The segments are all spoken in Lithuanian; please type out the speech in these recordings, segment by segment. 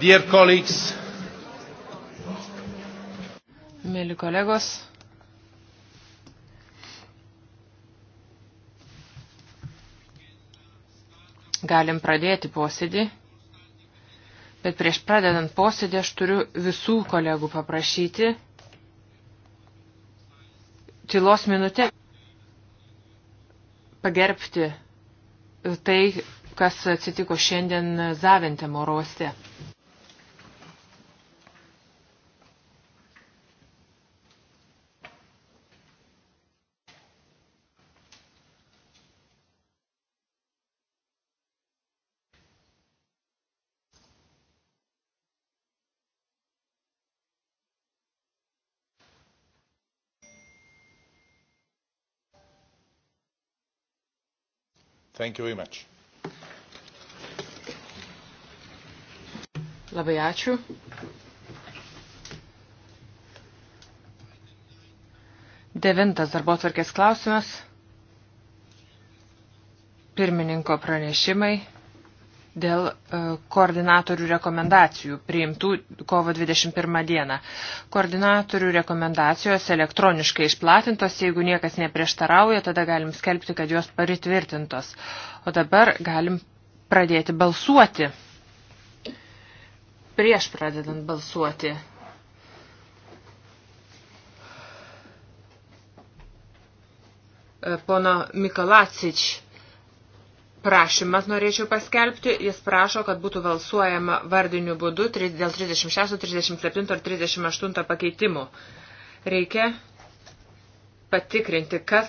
Dear colleagues, Mėly kolegos, galim pradėti posėdį, bet prieš pradedant posėdį aš turiu visų kolegų paprašyti tylos minutę pagerbti tai, kas atsitiko šiandien Zaventėm orose. thank you very much. Labai ačiū. Devintas darbo tvarkės klausimas. Pirmininko pranešimai dėl e, koordinatorių rekomendacijų priimtų kovo 21 dieną. Koordinatorių rekomendacijos elektroniškai išplatintos, jeigu niekas neprieštarauja, tada galim skelbti, kad jos paritvirtintos. O dabar galim pradėti balsuoti prieš pradedant balsuoti. E, pono Mikolacič prašymas norėčiau paskelbti. Jis prašo, kad būtų balsuojama vardiniu būdu dėl 36, 37 ar 38 pakeitimų. Reikia patikrinti, kas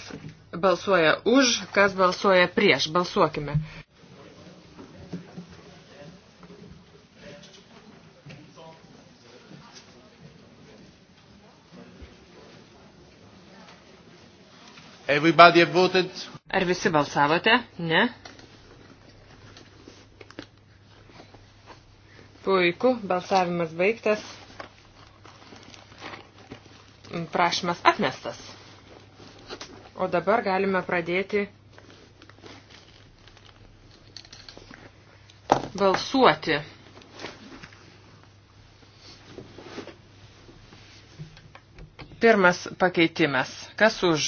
balsuoja už, kas balsuoja prieš. Balsuokime. Everybody voted? Ar visi balsavote? Ne. Puiku, balsavimas baigtas. Prašymas atmestas. O dabar galime pradėti balsuoti. Pirmas pakeitimas. Kas už?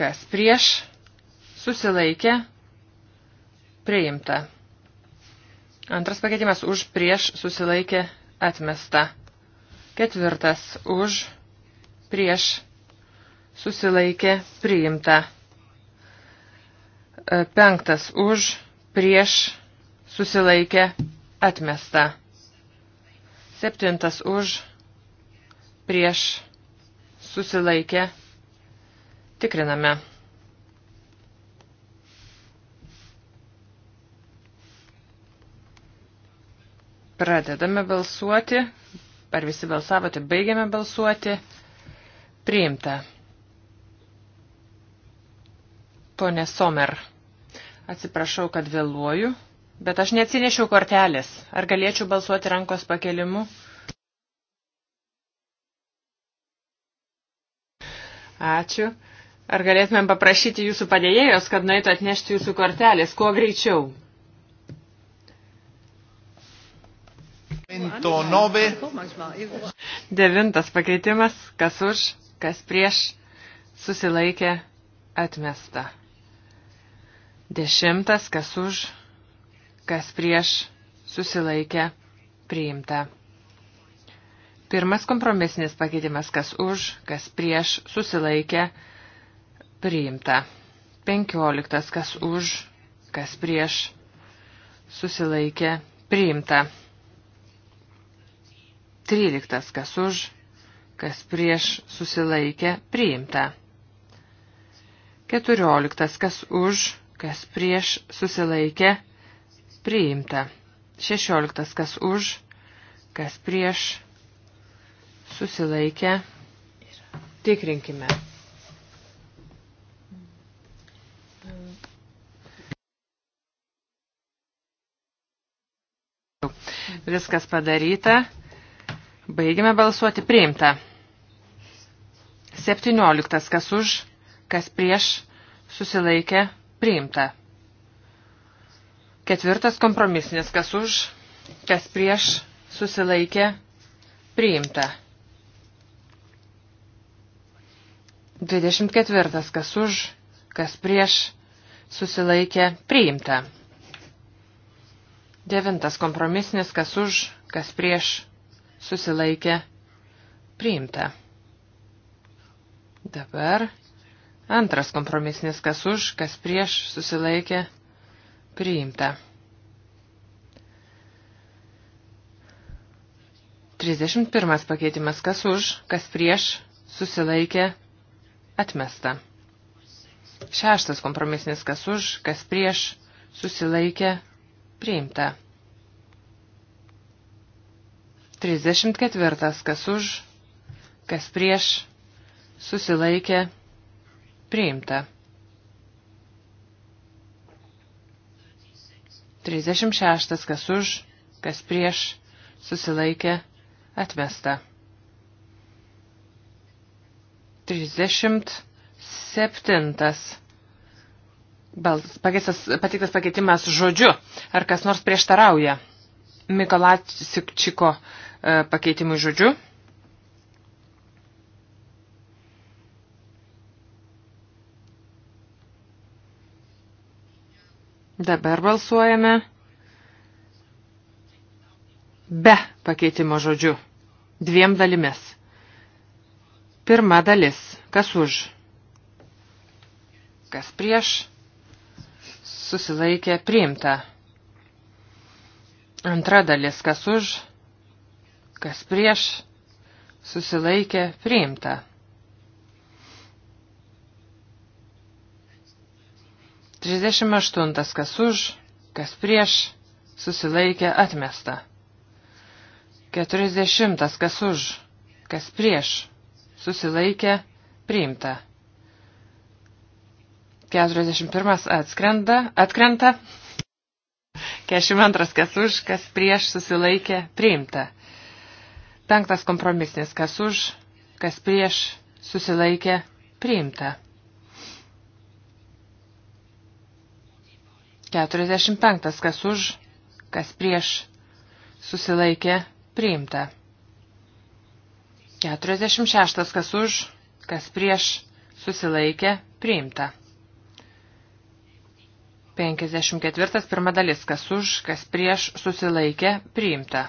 kas prieš, susilaikė, priimta. Antras pakeitimas už, prieš, susilaikė, atmesta. Ketvirtas už, prieš, susilaikė, priimta. E, penktas už, prieš, susilaikė, atmesta. Septintas už, prieš, susilaikė, Tikriname. Pradedame balsuoti. Ar visi balsavote? Baigiame balsuoti. Priimta. Pone Somer, atsiprašau, kad vėluoju, bet aš neatsinešiau kortelės. Ar galėčiau balsuoti rankos pakelimu? Ačiū. Ar galėtumėm paprašyti jūsų padėjėjos, kad nueitų atnešti jūsų kortelės, kuo greičiau? 109. Devintas pakeitimas, kas už, kas prieš, susilaikė, atmesta. Dešimtas, kas už, kas prieš, susilaikė, priimta. Pirmas kompromisinis pakeitimas, kas už, kas prieš, susilaikė, priimta priimta. 15. Kas už, kas prieš, susilaikė, priimta. 13. Kas už, kas prieš, susilaikė, priimta. 14. Kas už, kas prieš, susilaikė, priimta. 16. Kas už, kas prieš, susilaikė, tikrinkime. Viskas padaryta. Baigime balsuoti priimta. 17. Kas už, kas prieš, susilaikė priimta. Ketvirtas kompromisinis. Kas už, kas prieš, susilaikė priimta. 24. Kas už, kas prieš, susilaikė priimta. Devintas kompromisnis, kas už, kas prieš, susilaikė, priimta. Dabar antras kompromisnis, kas už, kas prieš, susilaikė, priimta. 31 pakeitimas, kas už, kas prieš, susilaikė, atmesta. Šeštas kompromisnis, kas už, kas prieš, susilaikė, Priimta. 34. Kas už, kas prieš, susilaikė, priimta. 36. Kas už, kas prieš, susilaikė, atmesta. 37 pateiktas pakeitimas žodžiu. Ar kas nors prieštarauja Mikolačiko e, pakeitimui žodžiu? Dabar balsuojame be pakeitimo žodžiu. Dviem dalimis. Pirma dalis. Kas už? Kas prieš? susilaikė priimta. Antra dalis, kas už, kas prieš, susilaikė priimta. Trisdešimt aštuntas, kas už, kas prieš, susilaikė atmesta. Keturiasdešimtas, kas už, kas prieš, susilaikė priimta. 41 atskrenda, atkrenta. 42 kas už, kas prieš susilaikė priimta. Penktas kompromisnis kas už, kas prieš susilaikė priimta. 45 kas už, kas prieš susilaikė priimta. 46 kas už, kas prieš susilaikė priimta. 54 pirma dalis, kas už, kas prieš, susilaikė, priimta.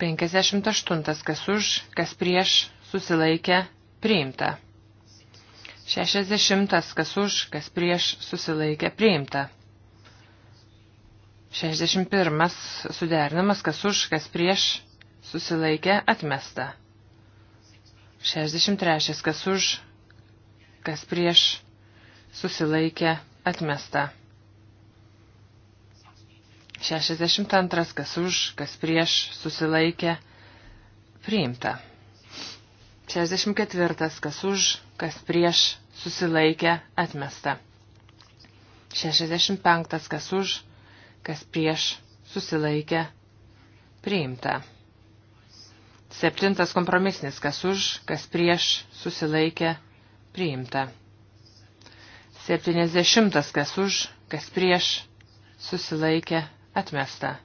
58 kas už, kas prieš, susilaikė, priimta. 60 kas už, kas prieš, susilaikė, priimta. 61 suderinamas, kas už, kas prieš, susilaikė, atmesta. 63 kas už, kas prieš, susilaikė atmesta. 62. Kas už, kas prieš, susilaikė priimta. 64. Kas už, kas prieš, susilaikė atmesta. 65. Kas už, kas prieš, susilaikė priimta. Septintas kompromisnis, kas už, kas prieš, susilaikė, priimta. 70 kas už, kas prieš, susilaikė, atmesta.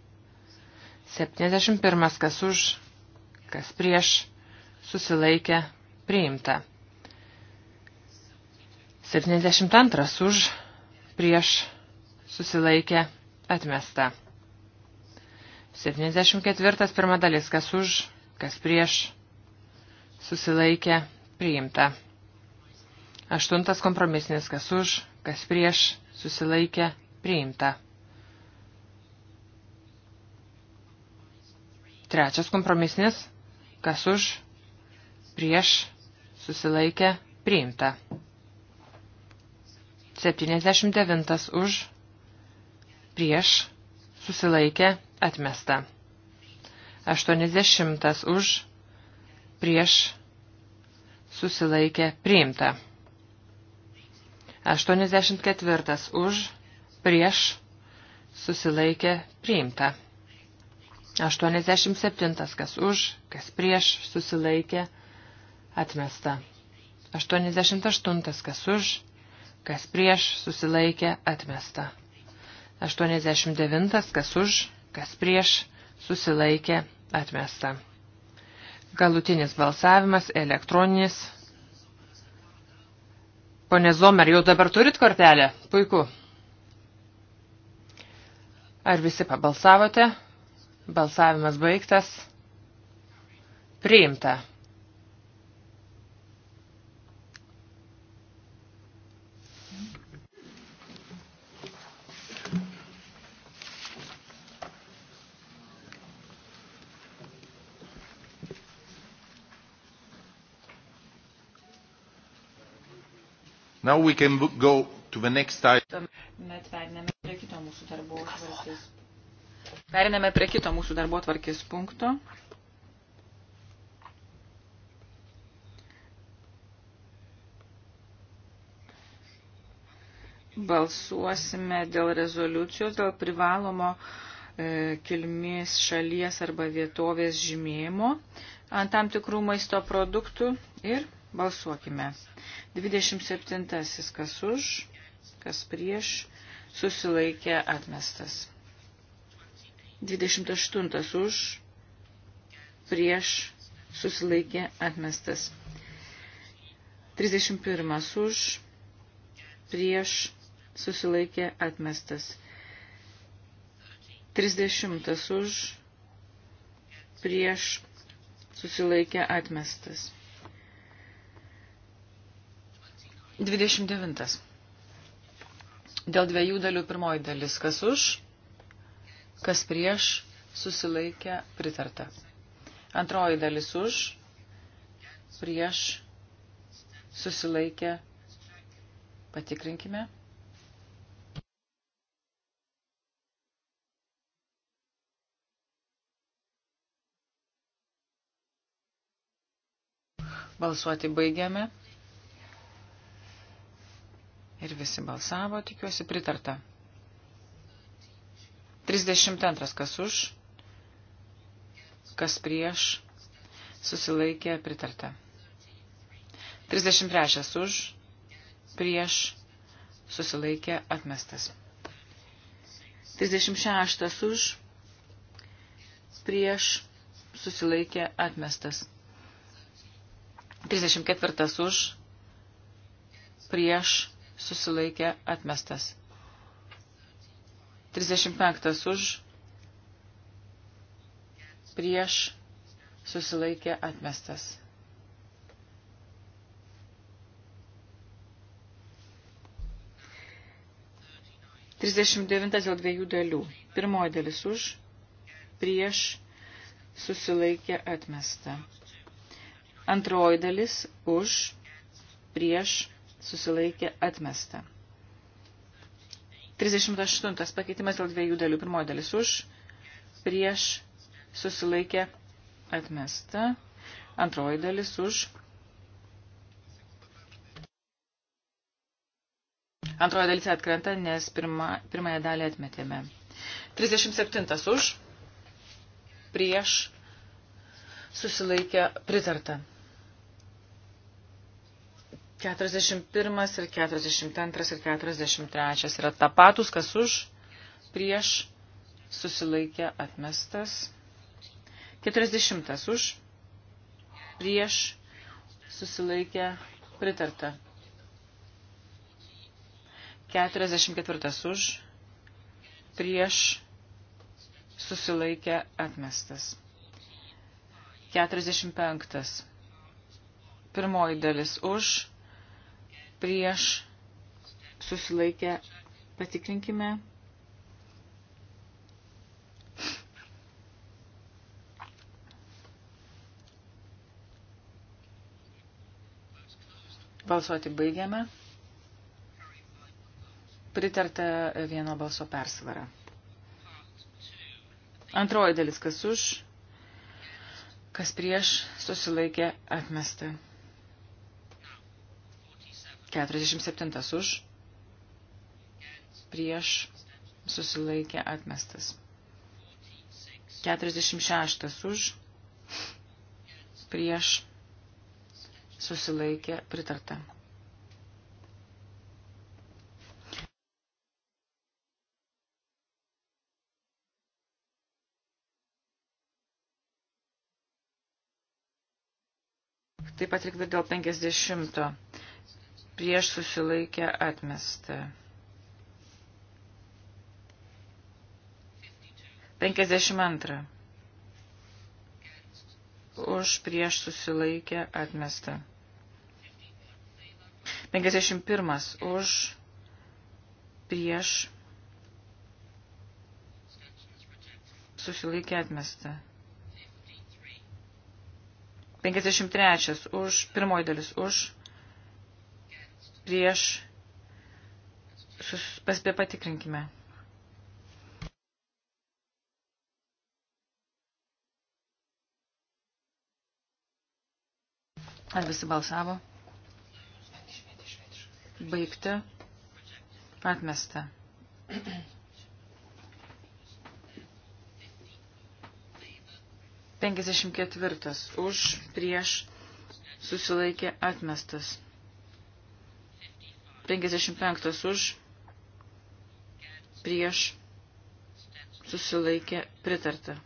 71 kas už, kas prieš, susilaikė, priimta. 72 už, prieš, susilaikė, atmesta. 74 pirma dalis kas už, kas prieš, susilaikė, priimta. Aštuntas kompromisinis, kas už, kas prieš, susilaikė, priimta. Trečias kompromisinis, kas už, prieš, susilaikė, priimta. 79 už, prieš, susilaikė, atmesta. 80 už, prieš, susilaikė, priimta. 84 už, prieš, susilaikė, priimta. 87 kas už, kas prieš, susilaikė, atmesta. 88 kas už, kas prieš, susilaikė, atmesta. 89 kas už, kas prieš, susilaikė, atmesta. Galutinis balsavimas elektroninis Pone Zomer, jau dabar turit kortelę? Puiku. Ar visi pabalsavote? Balsavimas baigtas. Priimta. Now we can go to the next item. Tuomet periname prie kito mūsų darbo tvarkės. Periname prie kito mūsų darbo tvarkės punkto. Balsuosime dėl rezoliucijos, dėl privalomo e, kilmės šalies arba vietovės žymėjimo ant tam tikrų maisto produktų ir Balsuokime. 27. Kas už, kas prieš, susilaikė atmestas. 28. Už, prieš, susilaikė atmestas. 31. Už, prieš, susilaikė atmestas. 30. Už, prieš, susilaikė atmestas. 29. Dėl dviejų dalių pirmoji dalis. Kas už, kas prieš, susilaikė, pritarta. Antroji dalis už, prieš, susilaikė, patikrinkime. Balsuoti baigiame. Ir visi balsavo, tikiuosi, pritarta. 32. Kas už, kas prieš, susilaikė, pritarta. 33. Už, prieš, susilaikė, atmestas. 36. Už, prieš, susilaikė, atmestas. 34. Už, prieš, susilaikė atmestas. 35 už, prieš, susilaikė atmestas. Trisdešimt devintas dėl dviejų dalių. Pirmoji dalis už, prieš, susilaikė atmesta. Antroji dalis už, prieš, susilaikė atmesta. 38. Pakeitimas dėl dviejų dalių. Pirmoji dalis už, prieš, susilaikė atmesta. Antroji dalis už. Antroji dalis atkrenta, nes pirma, pirmąją dalį atmetėme. 37. Už, prieš, susilaikė pritarta. 41 ir 42 ir 43 yra tapatus, kas už, prieš, susilaikė atmestas. 40 už, prieš, susilaikė pritarta. 44 už, prieš, susilaikė atmestas. 45. Pirmoji dalis už, prieš susilaikę patikrinkime. Balsuoti baigiame. Pritarta vieno balso persvara. Antroji dalis, kas už, kas prieš, susilaikė atmestą. 47 už, prieš susilaikė atmestas. 46 už, prieš susilaikė pritarta. Taip pat reikėtų dėl 50 prieš susilaikę atmestą. 52. Už prieš susilaikę atmestą. 51. Už prieš susilaikę atmestą. 53. Už pirmoji dalis. Už prieš pasbė patikrinkime. Ar visi balsavo? Baigti. Atmesta. Penkiasdešimt ketvirtas. Už, prieš, susilaikė atmestas. 55 už, prieš, susilaikė, pritarta.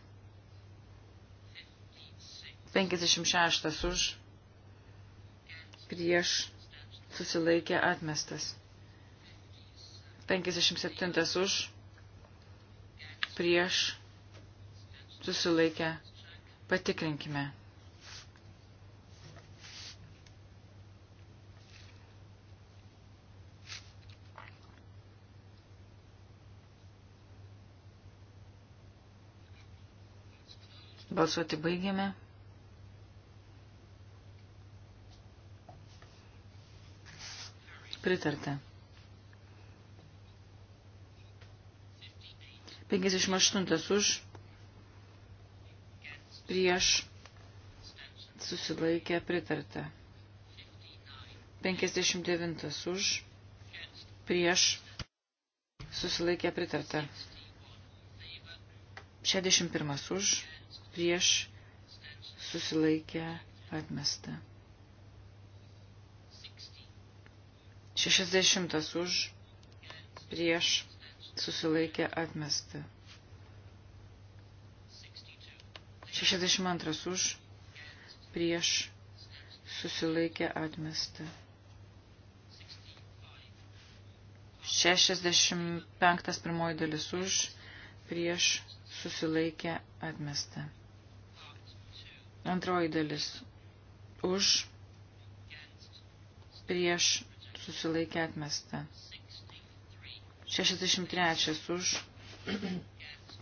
56 už, prieš, susilaikė, atmestas. 57 už, prieš, susilaikė, patikrinkime. Balsuoti baigėme. Pritarta. 58 už, prieš, susilaikė, pritarta. 59 už, prieš, susilaikė, pritarta. 61 už, prieš susilaikę atmestą. 60 už prieš susilaikę atmestą. 62 už prieš susilaikę atmestą. 65 pirmoji dalis už prieš susilaikę atmestą. Antroji dalis. Už, prieš, susilaikė atmesta. 63 už,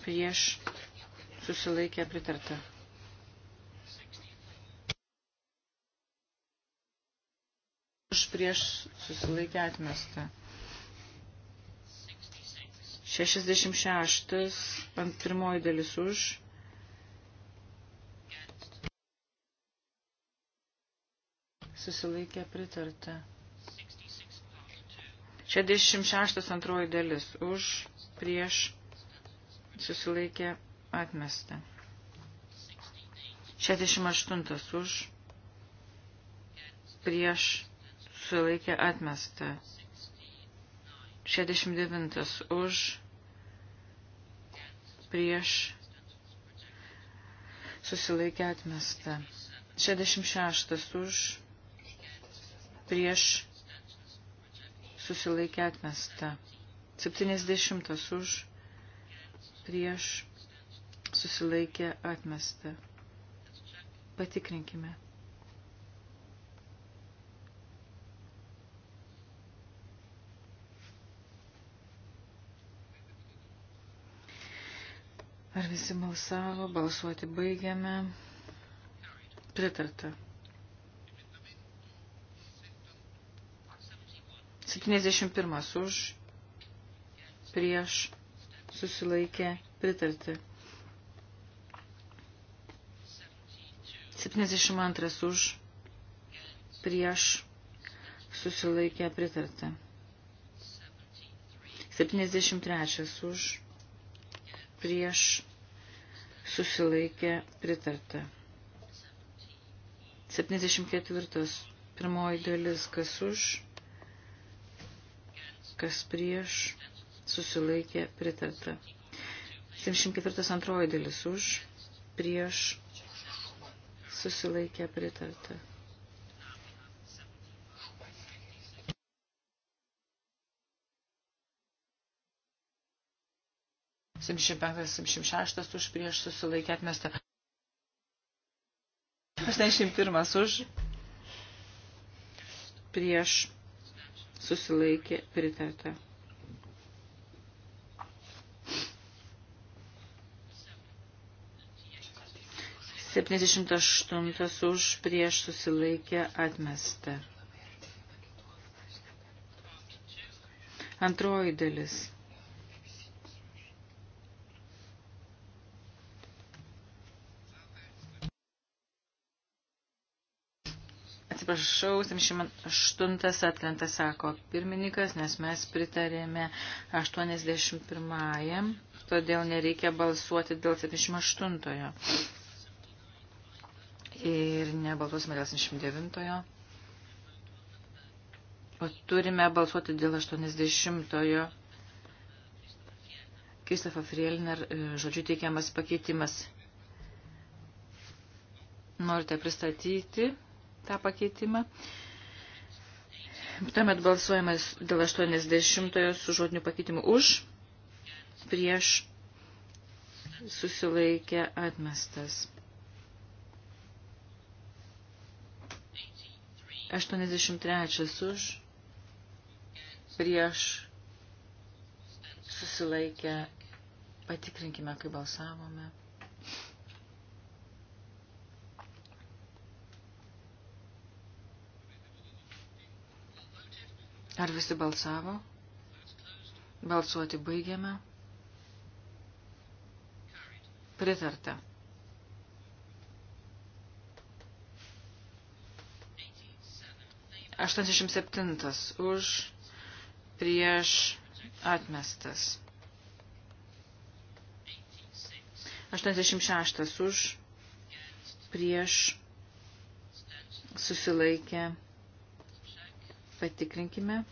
prieš, susilaikė pritarta. Už prieš susilaikė atmesta. 66 ant pirmoji dalis už, susilaikė pritarta. 66 antroji dalis už, prieš, susilaikė atmesta. 68 už, prieš, susilaikė atmesta. 69 už, prieš, susilaikė atmesta. 66 už, prieš susilaikė atmesta. 70 už prieš susilaikė atmesta. Patikrinkime. Ar visi balsavo, balsuoti baigiame. Pritarta. 71 už, prieš, susilaikė, pritarti. 72 už, prieš, susilaikė, pritarti. 73 už, prieš, susilaikė, pritarti. 74 pirmoji dalis, kas už, kas prieš, susilaikė pritarta. 74 antroji dalis už, prieš, susilaikė pritarta. Simšim penktas, simšim šeštas už prieš susilaikė atmestą. 81 už prieš susilaikė pritarta. Septyniasdešimt aštuntas už prieš susilaikė atmesta. Antroji dalis. atsiprašau, 78 atkrenta, sako pirmininkas, nes mes pritarėme 81, todėl nereikia balsuoti dėl 78. Ir nebalsuosime dėl 79. O turime balsuoti dėl 80. Kristofo Frielner e, žodžiu teikiamas pakeitimas. Norite pristatyti? tą pakeitimą. Tuomet balsuojamas dėl 80 su žodiniu pakeitimu už, prieš susilaikė atmestas. 83 už, prieš susilaikė, patikrinkime, kai balsavome. Ar visi balsavo? Balsuoti baigiame. Pritarta. 87 už prieš atmestas. 86 už prieš susilaikę Patikrinkime.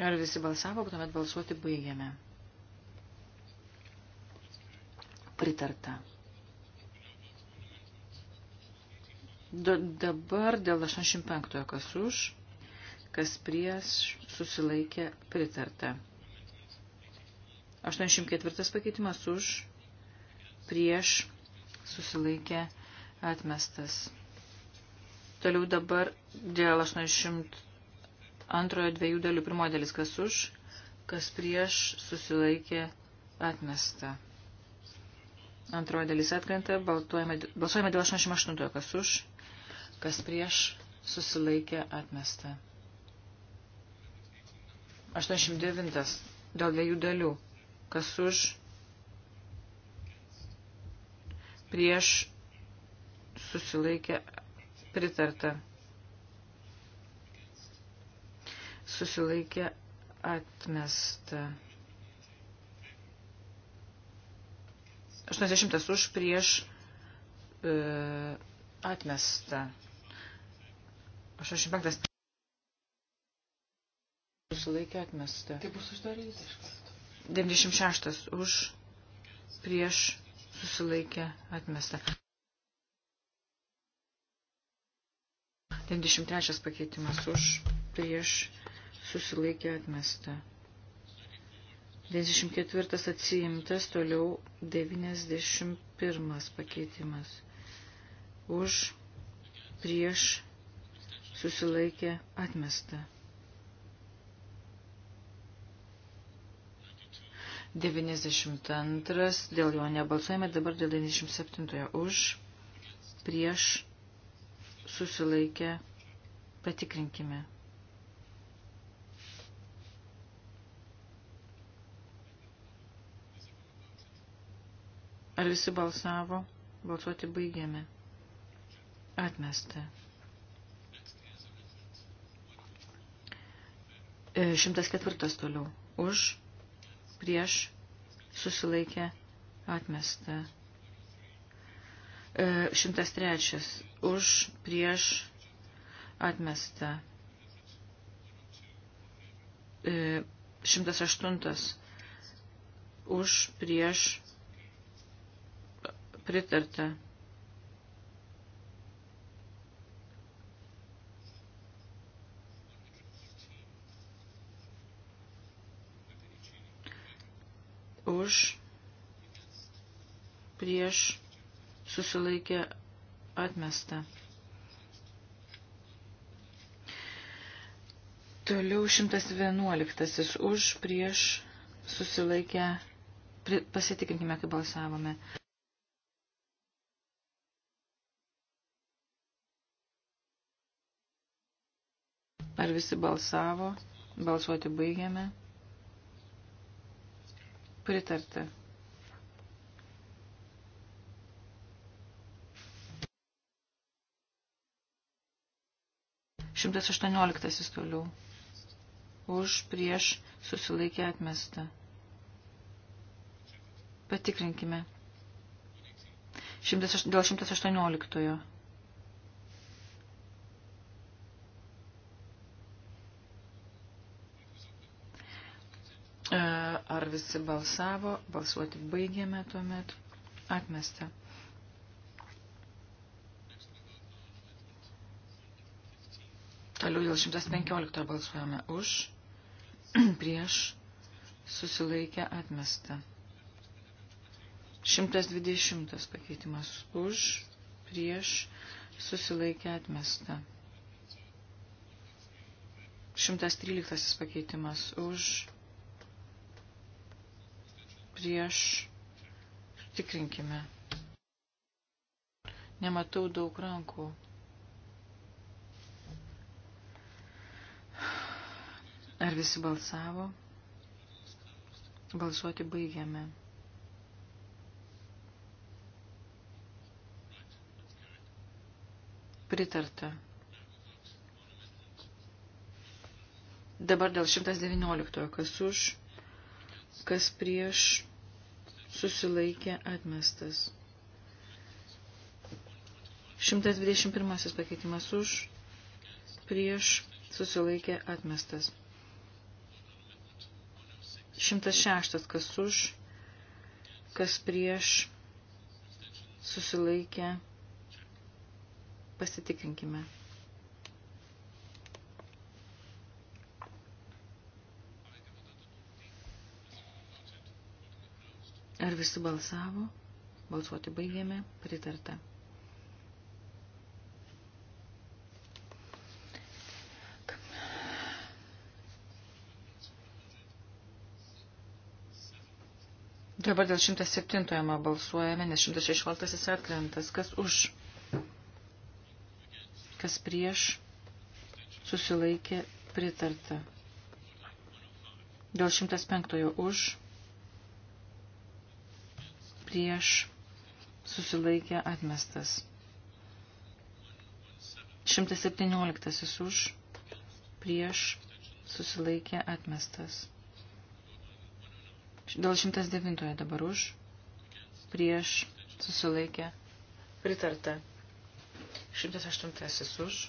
Ar visi balsavo, tuomet balsuoti baigiame. Pritarta. D dabar dėl 85 kas už, kas prieš susilaikė pritarta. 84 pakeitimas už, prieš, susilaikė, atmestas. Toliau dabar dėl 82 dviejų dalių pirmo dalis, kas už, kas prieš, susilaikė, atmesta. Antroji dalis atkrenta, balsuojame dėl 88, kas už, kas prieš, susilaikė, atmesta. 89 dėl dviejų dalių kas už, prieš, susilaikė, pritarta. Susilaikė, atmesta. 80 už, prieš, e, atmesta. 85 susilaikė atmesta. Tai bus uždarytas. 96 už prieš susilaikė atmesta. 93 pakeitimas už prieš susilaikė atmesta. 94 atsiimtas, toliau 91 pakeitimas. Už prieš susilaikė atmesta. 92, dėl jo nebalsuojame, dabar dėl 97 už, prieš, susilaikę, patikrinkime. Ar visi balsavo? Balsuoti baigėme. Atmesta. 104 e, toliau. Už prieš susilaikė atmesta. 103. E, Už prieš atmesta. 108. E, Už prieš pritarta. už, prieš, susilaikė atmesta. Toliau 111 už, prieš, susilaikė, pasitikrinkime, kaip balsavome. Ar visi balsavo? Balsuoti baigėme. Pritarti. Šimtas aštuonioliktasis toliau. Už prieš susilaikė atmestą. Patikrinkime. 100, dėl 118. visi balsavo, balsuoti baigėme tuomet, atmesta. Toliau dėl 115 balsuojame už, prieš, susilaikę atmestą. 120 pakeitimas už, prieš, susilaikę atmestą. 113 pakeitimas už, prieš tikrinkime. Nematau daug rankų. Ar visi balsavo? Balsuoti baigiame. Pritarta. Dabar dėl 119, kas už kas prieš susilaikė atmestas. 121 pakeitimas už, prieš susilaikė atmestas. 106 kas už, kas prieš susilaikė. Pasitikrinkime. Ar visi balsavo? Balsuoti baigėme. Pritarta. Dabar dėl 107 balsuojame, nes 116 atlentas. Kas už? Kas prieš? Susilaikė pritarta. Dėl 105 už prieš susilaikė atmestas. 117 už prieš susilaikė atmestas. Dėl 109 dabar už prieš susilaikė pritarta. 108 už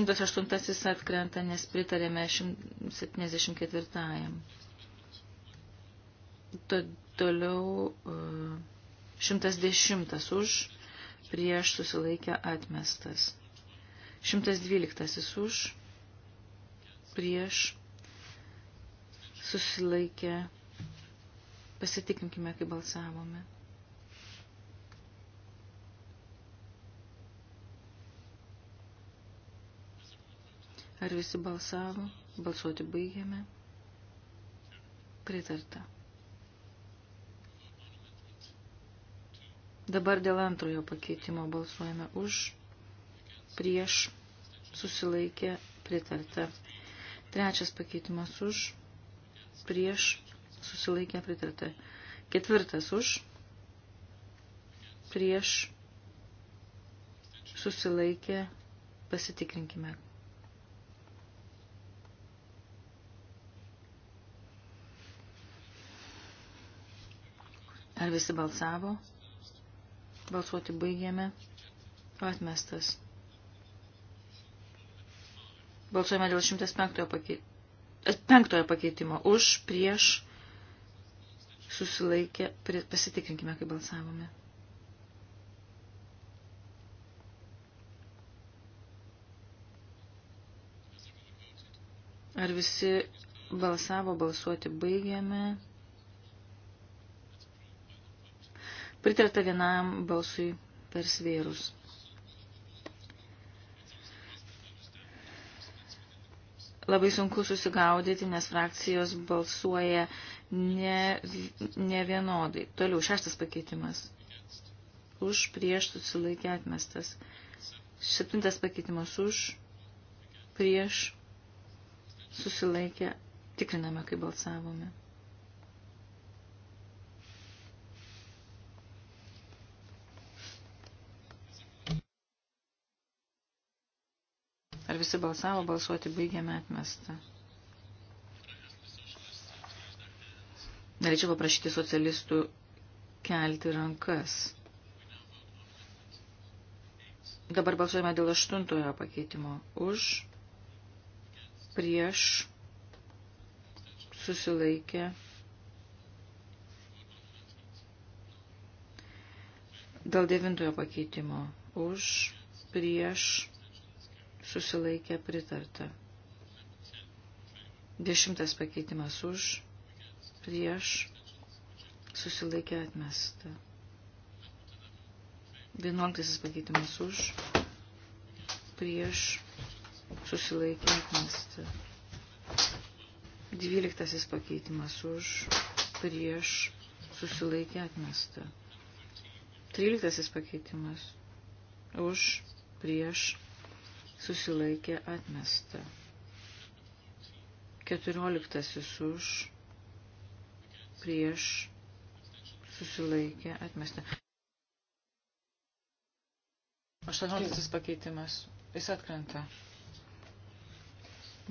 108 atkrenta, nes pritarėme 174. Toliau 110 e, už, prieš susilaikę atmestas. 112 už, prieš susilaikę. Pasitikinkime, kaip balsavome. Ar visi balsavo? Balsuoti baigėme. Pritarta. Dabar dėl antrojo pakeitimo balsuojame už, prieš, susilaikė, pritarta. Trečias pakeitimas už, prieš, susilaikė, pritarta. Ketvirtas už, prieš, susilaikė, pasitikrinkime Ar visi balsavo? Balsuoti baigėme. Atmestas. Balsuojame dėl 105 pakeit... E, pakeitimo. Už, prieš, susilaikė, pasitikrinkime, kaip balsavome. Ar visi balsavo, balsuoti baigėme? Pritarta vienam balsui per svėrus. Labai sunku susigaudyti, nes frakcijos balsuoja ne, ne vienodai. Toliau, šeštas pakeitimas. Už prieš susilaikė atmestas. Septintas pakeitimas už prieš susilaikė. Tikriname, kai balsavome. Ar visi balsavo, balsuoti baigėme atmestą. Norėčiau paprašyti socialistų kelti rankas. Dabar balsuojame dėl aštuntojo pakeitimo. Už, prieš, susilaikė. Dėl devintojo pakeitimo. Už, prieš, susilaikė susilaikė pritarta. Dešimtas pakeitimas už, prieš, susilaikė atmesta. Vienuoliktasis pakeitimas už, prieš, susilaikė atmesta. Dvyliktasis pakeitimas už, prieš, susilaikė atmesta. Tryliktasis pakeitimas už, prieš, susilaikė atmesta. 14 už, prieš, susilaikė atmesta. 18 pakeitimas. Jis atkrenta.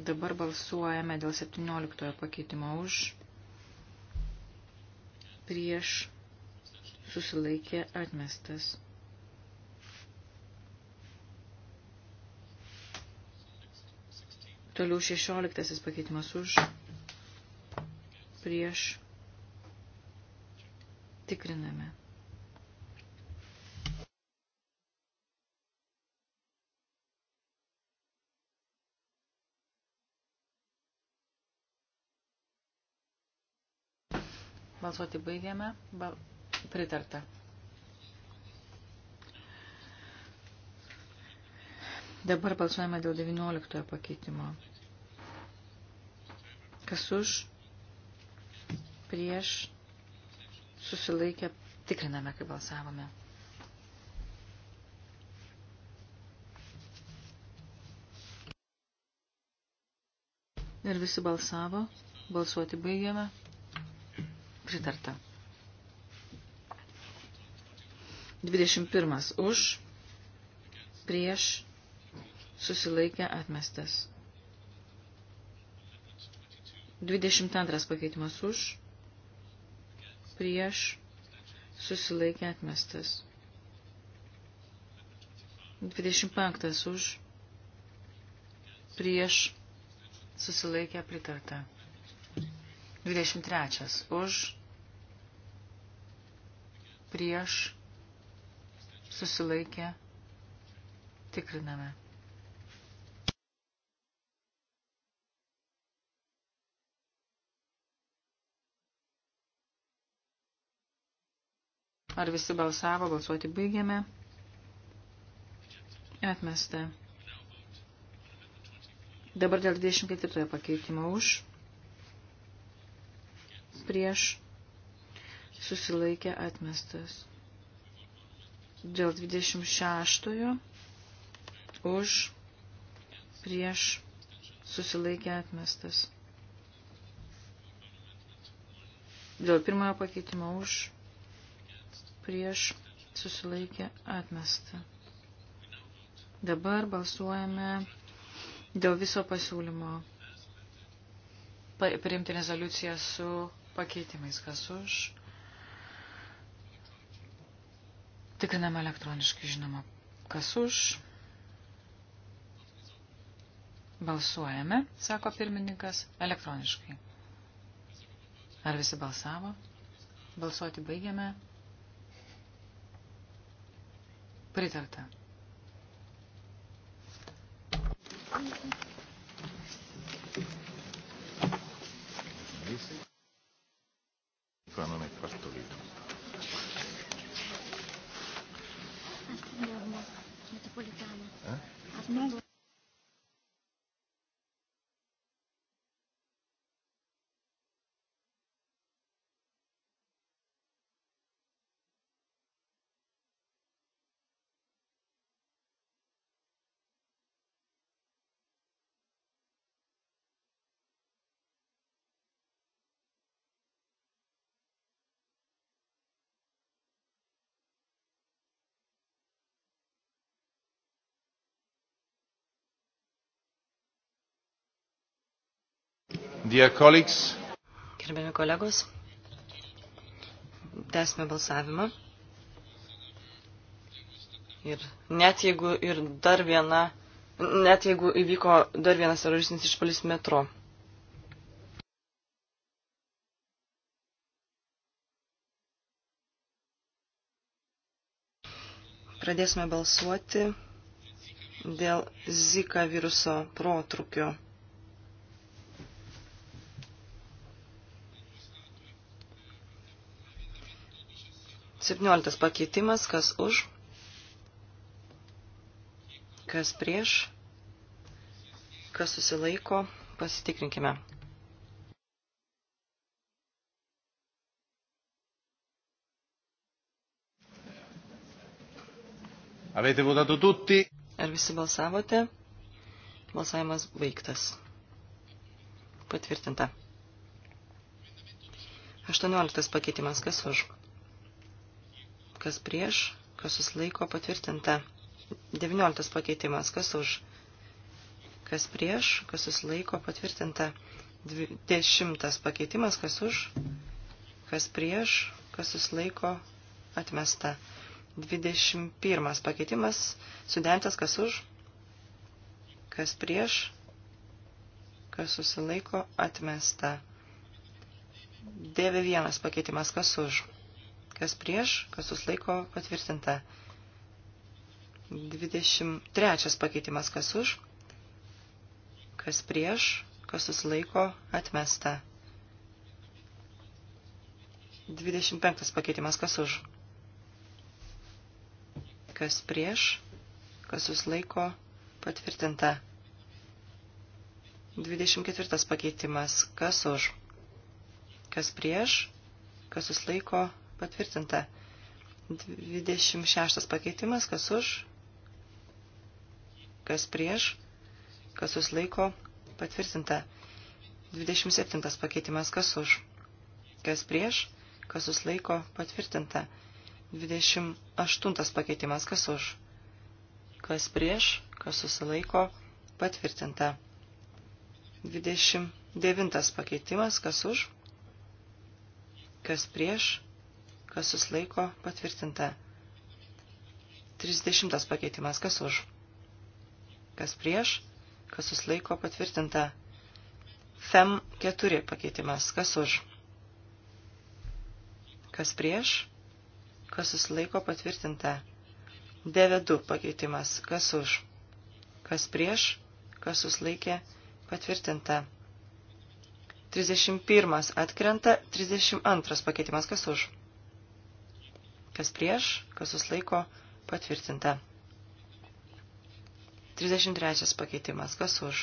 Dabar balsuojame dėl 17 pakeitimo už, prieš, susilaikė atmestas. Toliau 16 pakeitimas už, prieš, tikriname. Balsuoti baigiame. Bal... Pritarta. Dabar balsuojame dėl 19 pakeitimo. Kas už, prieš, susilaikė, tikriname, kaip balsavome. Ir visi balsavo, balsuoti baigėme, pritarta. 21 už, prieš, susilaikė atmestas. 22 pakeitimas už, prieš, susilaikė atmestas. 25 už, prieš, susilaikė pritarta. 23 už, prieš, susilaikė, tikriname. Ar visi balsavo, balsuoti baigėme? Atmesta. Dabar dėl 24 pakeitimo už. Prieš. Susilaikė atmestas. Dėl 26 už. Prieš. Susilaikė atmestas. Dėl pirmojo pakeitimo už prieš susilaikė atmesta. Dabar balsuojame dėl viso pasiūlymo priimti rezoliuciją su pakeitimais, kas už. Tikriname elektroniškai, žinoma, kas už. Balsuojame, sako pirmininkas, elektroniškai. Ar visi balsavo? Balsuoti baigiame. Pritarta. Ancora non è partorito. Napoletana. Eh? Gerbiami kolegos, tęsime balsavimą. Ir net jeigu ir dar viena, net jeigu įvyko dar vienas teroristinis išpalis metro. Pradėsime balsuoti dėl Zika viruso protrukio. 17 pakeitimas, kas už, kas prieš, kas susilaiko, pasitikrinkime. Avete votato tutti? Ar visi balsavote? Balsavimas baigtas. Patvirtinta. 18 pakeitimas, kas už? kas prieš, kas susilaiko patvirtinta. 19 pakeitimas, kas už, kas prieš, kas susilaiko patvirtinta. 20 pakeitimas, kas už, kas prieš, kas susilaiko atmesta. 21 pakeitimas, sudentas, kas už, kas prieš, kas susilaiko atmesta. 91 pakeitimas, kas už kas prieš, kas suslaiko patvirtinta. 23 pakeitimas, kas už, kas prieš, kas suslaiko atmesta. 25 pakeitimas, kas už, kas prieš, kas suslaiko patvirtinta. 24 pakeitimas, kas už, kas prieš, kas suslaiko Patvirtinta. 26 pakeitimas, kas už, kas prieš, kas susilaiko. Patvirtinta. 27 pakeitimas, kas už, kas prieš, kas susilaiko. Patvirtinta. 28 pakeitimas, kas už, kas prieš, kas susilaiko. Patvirtinta. 29 pakeitimas, kas už, kas prieš, kas susilaiko patvirtinta. 30 pakeitimas, kas už, kas prieš, kas susilaiko patvirtinta. FEM 4 pakeitimas, kas už, kas prieš, kas susilaiko patvirtinta. 9.2 pakeitimas, kas už, kas prieš, kas susilaikė patvirtinta. 31 atkrenta, 32 pakeitimas, kas už kas prieš, kas suslaiko, patvirtinta. 33 pakeitimas, kas už,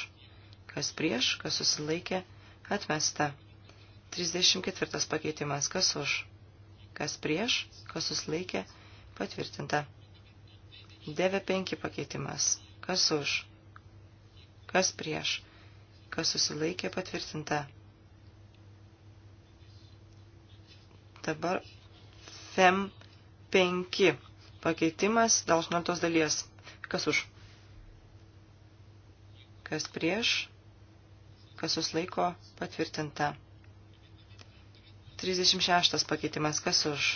kas prieš, kas susilaikė, atmesta. 34 pakeitimas, kas už, kas prieš, kas susilaikė, patvirtinta. 95 pakeitimas, kas už, kas prieš, kas susilaikė, patvirtinta. Dabar FEM 5 pakeitimas dėl 18 dalies. Kas už? Kas prieš? Kas suslaiko? Patvirtinta. 36 pakeitimas. Kas už?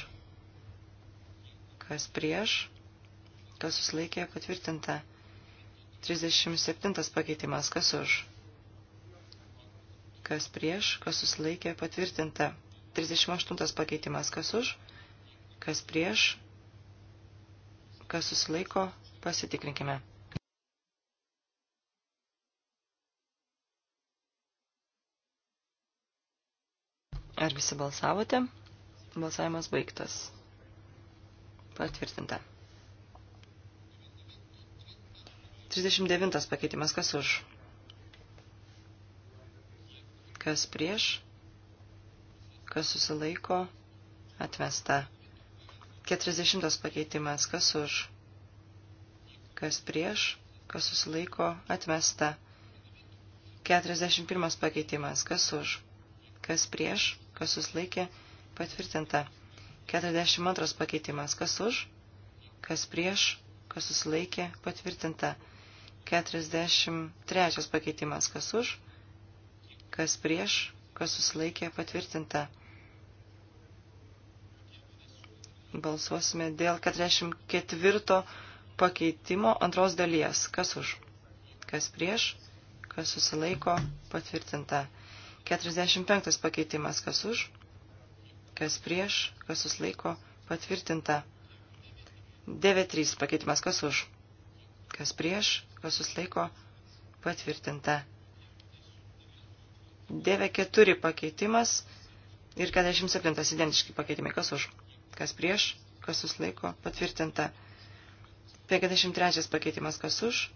Kas prieš? Kas suslaikė? Patvirtinta. 37 pakeitimas. Kas už? Kas prieš? Kas suslaikė? Patvirtinta. 38 pakeitimas. Kas už? Kas prieš? Kas susilaiko? Pasitikrinkime. Ar visi balsavote? Balsavimas baigtas. Patvirtinta. 39 pakeitimas. Kas už? Kas prieš? Kas susilaiko? Atmesta. 40 pakeitimas. Kas už? Kas prieš? Kas susilaiko? Atmesta. 41 pakeitimas. Kas už? Kas prieš? Kas susilaikė? Patvirtinta. 42 pakeitimas. Kas už? Kas prieš? Kas susilaikė? Patvirtinta. 43 pakeitimas. Kas už? Kas prieš? Kas susilaikė? Patvirtinta. Balsuosime dėl 44 pakeitimo antros dalies. Kas už? Kas prieš? Kas susilaiko? Patvirtinta. 45 pakeitimas. Kas už? Kas prieš? Kas susilaiko? Patvirtinta. 9.3 pakeitimas. Kas už? Kas prieš? Kas susilaiko? Patvirtinta. 9.4 pakeitimas ir 47 identiški pakeitimai. Kas už? kas prieš, kas suslaiko, patvirtinta. 53 pakeitimas, kas už,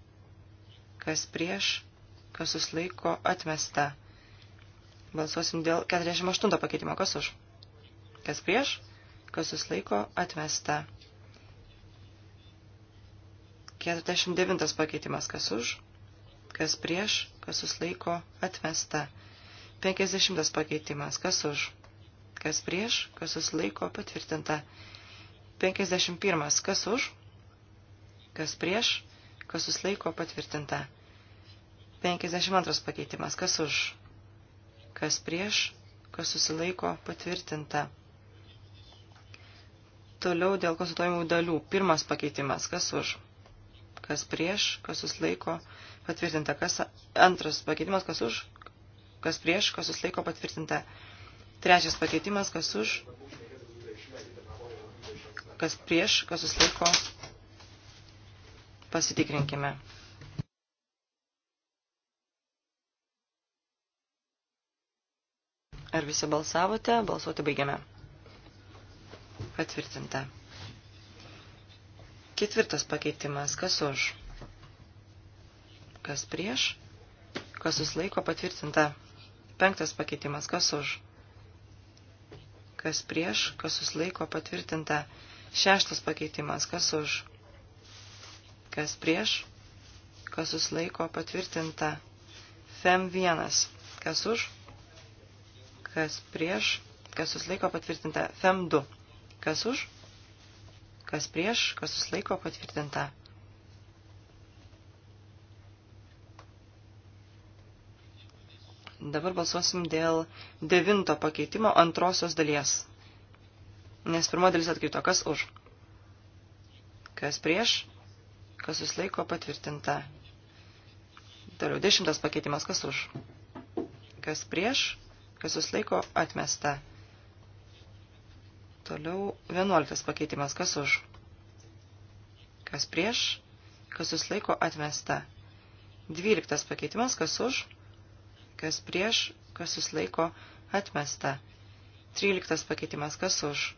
kas prieš, kas suslaiko, atmesta. Balsuosim dėl 48 pakeitimo, kas už, kas prieš, kas suslaiko, atmesta. 49 pakeitimas, kas už, kas prieš, kas suslaiko, atmesta. 50 pakeitimas, kas už kas prieš, kas susilaiko patvirtinta. 51. Kas už, kas prieš, kas susilaiko patvirtinta. 52 pakeitimas. Kas už, kas prieš, kas susilaiko patvirtinta. Toliau dėl konsultuojimų dalių. Pirmas pakeitimas. Kas už, kas prieš, kas susilaiko patvirtinta. Kas antras pakeitimas. Kas už, kas prieš, kas susilaiko patvirtinta. Trečias pakeitimas, kas už, kas prieš, kas susilaiko. Pasitikrinkime. Ar visi balsavote? Balsuoti baigiame. Patvirtinta. Ketvirtas pakeitimas. Kas už? Kas prieš? Kas suslaiko patvirtinta? Penktas pakeitimas. Kas už? kas prieš, kas susilaiko patvirtinta. Šeštas pakeitimas, kas už, kas prieš, kas susilaiko patvirtinta. Fem vienas, kas už, kas prieš, kas susilaiko patvirtinta. Fem du, kas už, kas prieš, kas susilaiko patvirtinta. Dabar balsuosim dėl devinto pakeitimo antrosios dalies. Nes pirmo dalis atkrito. Kas už? Kas prieš? Kas susilaiko patvirtinta? Toliau dešimtas pakeitimas. Kas už? Kas prieš? Kas susilaiko atmesta? Toliau vienuoliktas pakeitimas. Kas už? Kas prieš? Kas susilaiko atmesta? Dvyliktas pakeitimas. Kas už? kas prieš, kas susilaiko, atmesta. Tryliktas pakeitimas, kas už,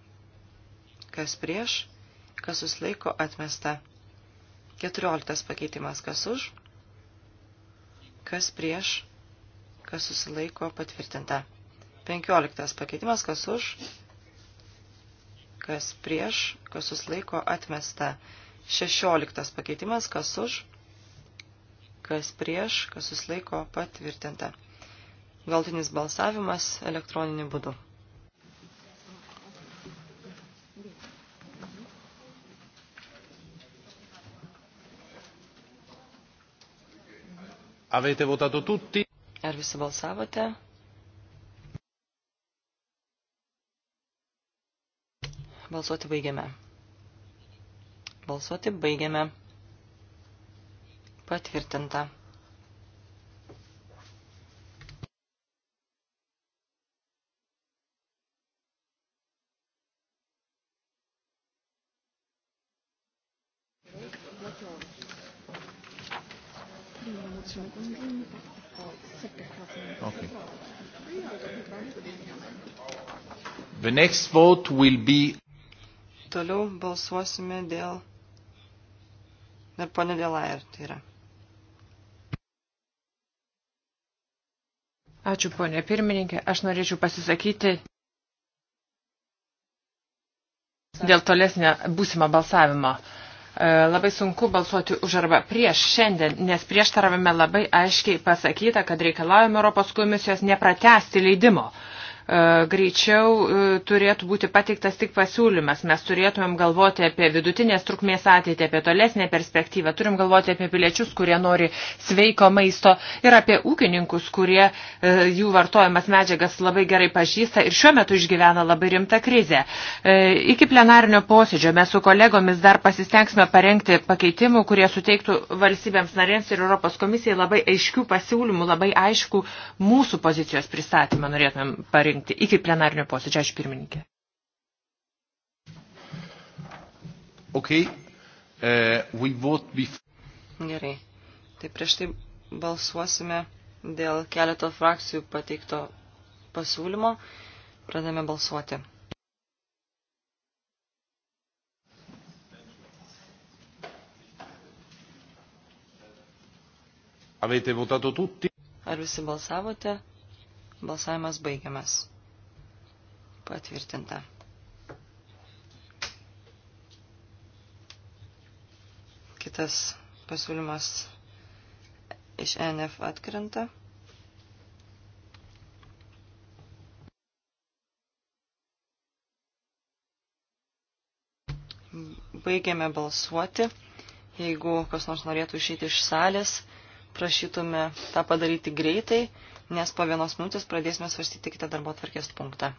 kas prieš, kas susilaiko, atmesta. Keturioliktas pakeitimas, kas už, kas prieš, kas susilaiko, patvirtinta. Penkioliktas pakeitimas, kas už, kas prieš, kas susilaiko, atmesta. Šešioliktas pakeitimas, kas už, kas prieš, kas susilaiko patvirtinta galtinis balsavimas elektroniniu būdu. Avete votato tutti? Ar visi balsavote? Balsuoti baigiame. Balsuoti baigiame. Patvirtinta. Okay. The next vote will be. Toliau balsuosime dėl. Ir ponė Dėlair tai yra. Ačiū, ponė pirmininkė. Aš norėčiau pasisakyti dėl tolesnio būsimo balsavimo. Uh, E, labai sunku balsuoti už arba prieš šiandien, nes prieštaravime labai aiškiai pasakyta, kad reikalaujame Europos komisijos nepratesti leidimo. Uh, E, greičiau e, turėtų būti pateiktas tik pasiūlymas. Mes turėtumėm galvoti apie vidutinės trukmės ateitį, apie tolesnę perspektyvą. Turim galvoti apie piliečius, kurie nori sveiko maisto ir apie ūkininkus, kurie e, jų vartojamas medžiagas labai gerai pažįsta ir šiuo metu išgyvena labai rimtą krizę. Iki plenarinio posėdžio mes su kolegomis dar pasistengsime parengti pakeitimų, kurie suteiktų valstybėms narėms ir Europos komisijai labai aiškių pasiūlymų, labai aiškų mūsų pozicijos pristatymą norėtumėm parinkti parengti iki plenarnio posėdžio. Ačiū pirmininkė. Okay. Uh, Gerai. Tai prieš tai balsuosime dėl keleto frakcijų pateikto pasiūlymo. Pradame balsuoti. Avete votato tutti? Ar visi balsavote? Balsavimas baigiamas. Patvirtinta. Kitas pasiūlymas iš e NF atkrenta. Baigiame balsuoti. Jeigu kas nors norėtų išėti iš salės, prašytume tą padaryti greitai nes po vienos minutės pradėsime svarstyti kitą darbo tvarkės punktą.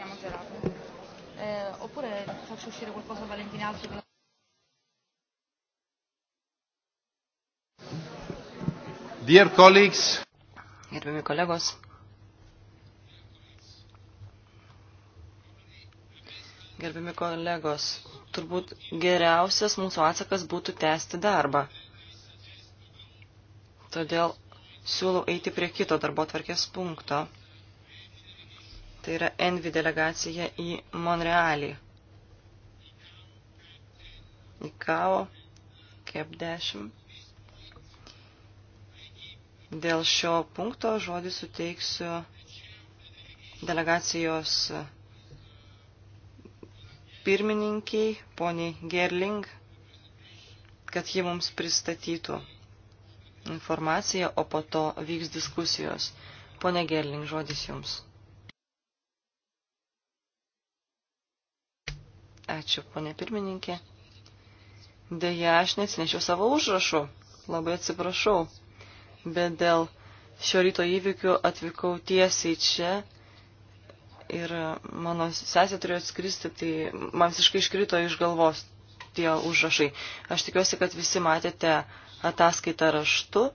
abbiamo gelato. Eh, oppure faccio uscire qualcosa a Valentina Alfi. Per... Dear colleagues. Gerbiami kolegos. Gerbiami kolegos, turbūt geriausias mūsų atsakas būtų tęsti darbą. Todėl siūlau eiti prie kito darbo tvarkės punkto tai yra Envi delegacija į Monrealį. ICAO, KEP 10. Dėl šio punkto žodį suteiksiu delegacijos pirmininkiai, poniai Gerling, kad ji mums pristatytų informaciją, o po to vyks diskusijos. Pone Gerling, žodis jums. Ačiū, ponė pirmininkė. Deja, aš neatsinešiau savo užrašų. Labai atsiprašau. Bet dėl šio ryto įvykių atvykau tiesiai čia. Ir mano sesė turėjo atskristi, tai man visiškai iškrito iš galvos tie užrašai. Aš tikiuosi, kad visi matėte ataskaitą raštu.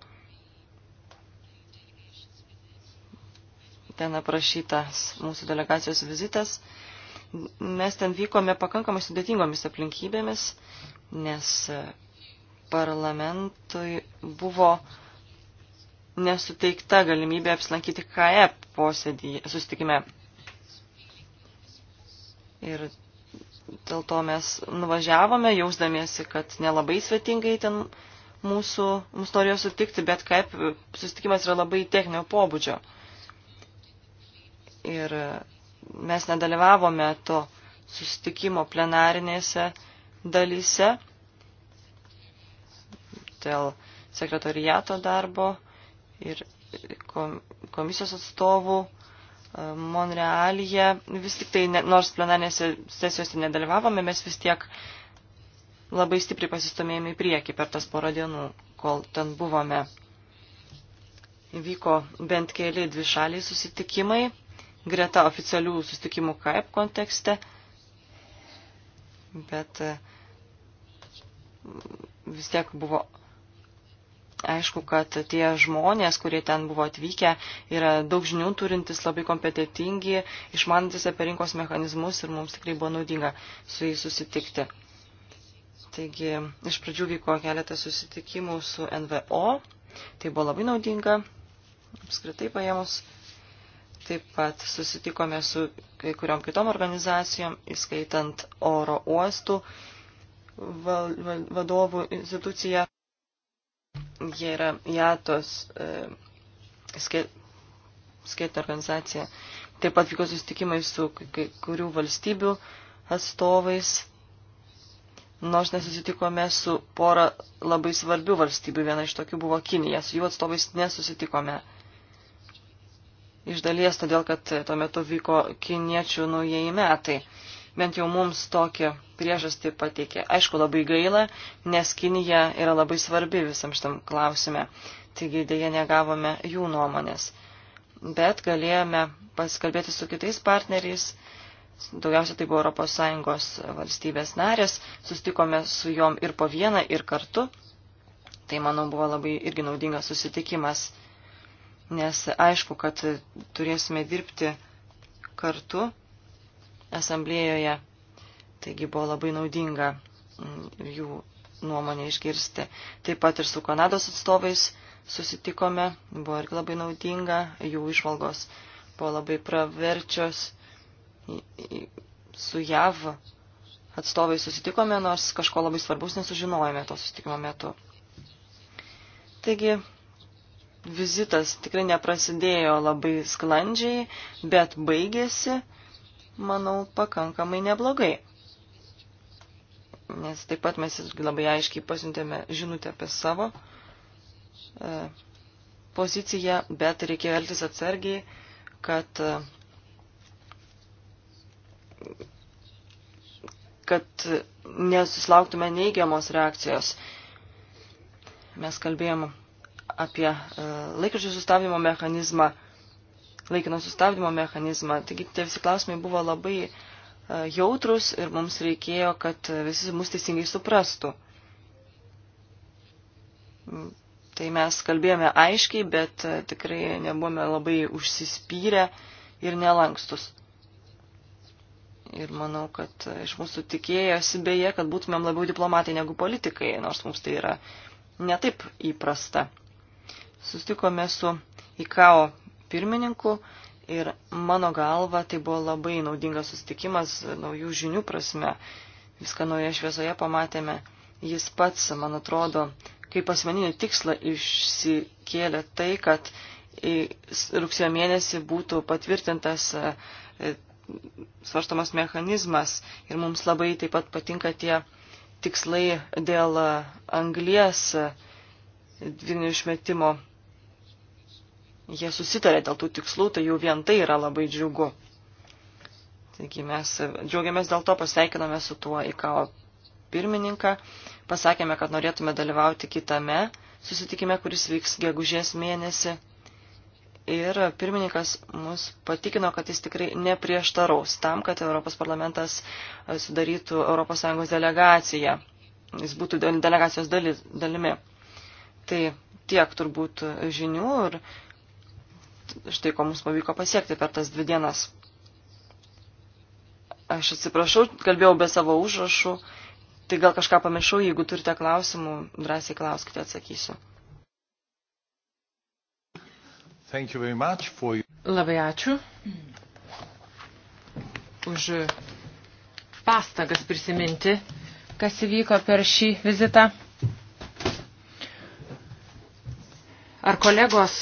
Ten aprašytas mūsų delegacijos vizitas. Mes ten vykome pakankamai sudėtingomis aplinkybėmis, nes parlamentui buvo nesuteikta galimybė apsilankyti KE posėdyje, susitikime. Ir dėl to mes nuvažiavome, jausdamiesi, kad nelabai svetingai ten mūsų, mūsų norėjo sutikti, bet kaip e susitikimas yra labai techninio pobūdžio. Ir mes nedalyvavome to susitikimo plenarinėse dalyse dėl sekretariato darbo ir komisijos atstovų e, Monrealyje. Vis tik tai, nors plenarinėse sesijose nedalyvavome, mes vis tiek labai stipriai pasistumėjome į priekį per tas porą dienų, kol ten buvome. Vyko bent keli dvišaliai susitikimai greta oficialių sustikimų kaip kontekste, bet e, vis tiek buvo aišku, kad tie žmonės, kurie ten buvo atvykę, yra daug žinių turintys, labai kompetitingi, išmanantis apie rinkos mechanizmus ir mums tikrai buvo naudinga su jais susitikti. Taigi, iš pradžių vyko keletą susitikimų su NVO, tai buvo labai naudinga, apskritai paėmus. Taip pat susitikome su kai kuriom kitom organizacijom, įskaitant oro uostų val, val, vadovų instituciją. Jie yra JATOS e, skaitą organizacija. Taip pat vyko susitikimai su kai kurių valstybių atstovais. Nors nesusitikome su pora labai svarbių valstybių, viena iš tokių buvo Kinija, su jų atstovais nesusitikome iš dalies todėl, kad tuo metu vyko kiniečių naujieji metai. Bent jau mums tokią priežastį pateikė. Aišku, labai gaila, nes Kinija yra labai svarbi visam šitam klausime. Taigi dėje negavome jų nuomonės. Bet galėjome pasikalbėti su kitais partneriais. Daugiausia tai buvo ES valstybės narės. Sustikome su juom ir po vieną, ir kartu. Tai, manau, buvo labai irgi naudingas susitikimas nes aišku, kad turėsime dirbti kartu asamblėjoje, taigi buvo labai naudinga mm, jų nuomonę išgirsti. Taip pat ir su Kanados atstovais susitikome, buvo ir labai naudinga, jų išvalgos buvo labai praverčios. Su JAV atstovai susitikome, nors kažko labai svarbus nesužinojome to susitikimo metu. Taigi vizitas tikrai neprasidėjo labai sklandžiai, bet baigėsi, manau, pakankamai neblogai. Nes taip pat mes labai aiškiai pasiuntėme žinutę apie savo e, poziciją, bet reikėjo elgtis atsargiai, kad, e, kad nesusilauktume neigiamos reakcijos. Mes kalbėjom apie e, laikrodžių sustabdymo mechanizmą, laikino sustabdymo mechanizmą. Taigi tie visi klausimai buvo labai e, jautrus ir mums reikėjo, kad visi mus teisingai suprastų. Mm, tai mes kalbėjome aiškiai, bet e, tikrai nebuvome labai užsispyrę ir nelankstus. Ir manau, kad iš mūsų tikėjosi beje, kad būtumėm labiau diplomatai negu politikai, nors mums tai yra netaip įprasta sustikome su IKAO pirmininku ir mano galva tai buvo labai naudingas sustikimas naujų žinių prasme. Viską naujoje šviesoje pamatėme. Jis pats, man atrodo, kaip asmeninį tikslą išsikėlė tai, kad rugsėjo mėnesį būtų patvirtintas e, svarstomas mechanizmas ir mums labai taip pat patinka tie tikslai dėl e, anglies e, dvinių išmetimo jie susitarė dėl tų tikslų, tai jau vien tai yra labai džiugu. Taigi mes džiaugiamės dėl to, pasveikinome su tuo IKO pirmininką, pasakėme, kad norėtume dalyvauti kitame susitikime, kuris vyks gegužės mėnesį. Ir pirmininkas mus patikino, kad jis tikrai neprieštaraus tam, kad Europos parlamentas sudarytų ES delegaciją. Jis būtų delegacijos dalis, dalimi. Tai tiek turbūt žinių ir štai ko mums pavyko pasiekti per tas dvi dienas. Aš atsiprašau, kalbėjau be savo užrašų, tai gal kažką pamiršau, jeigu turite klausimų, drąsiai klauskite, atsakysiu. For... Labai ačiū už pastagas prisiminti, kas įvyko per šį vizitą. Ar kolegos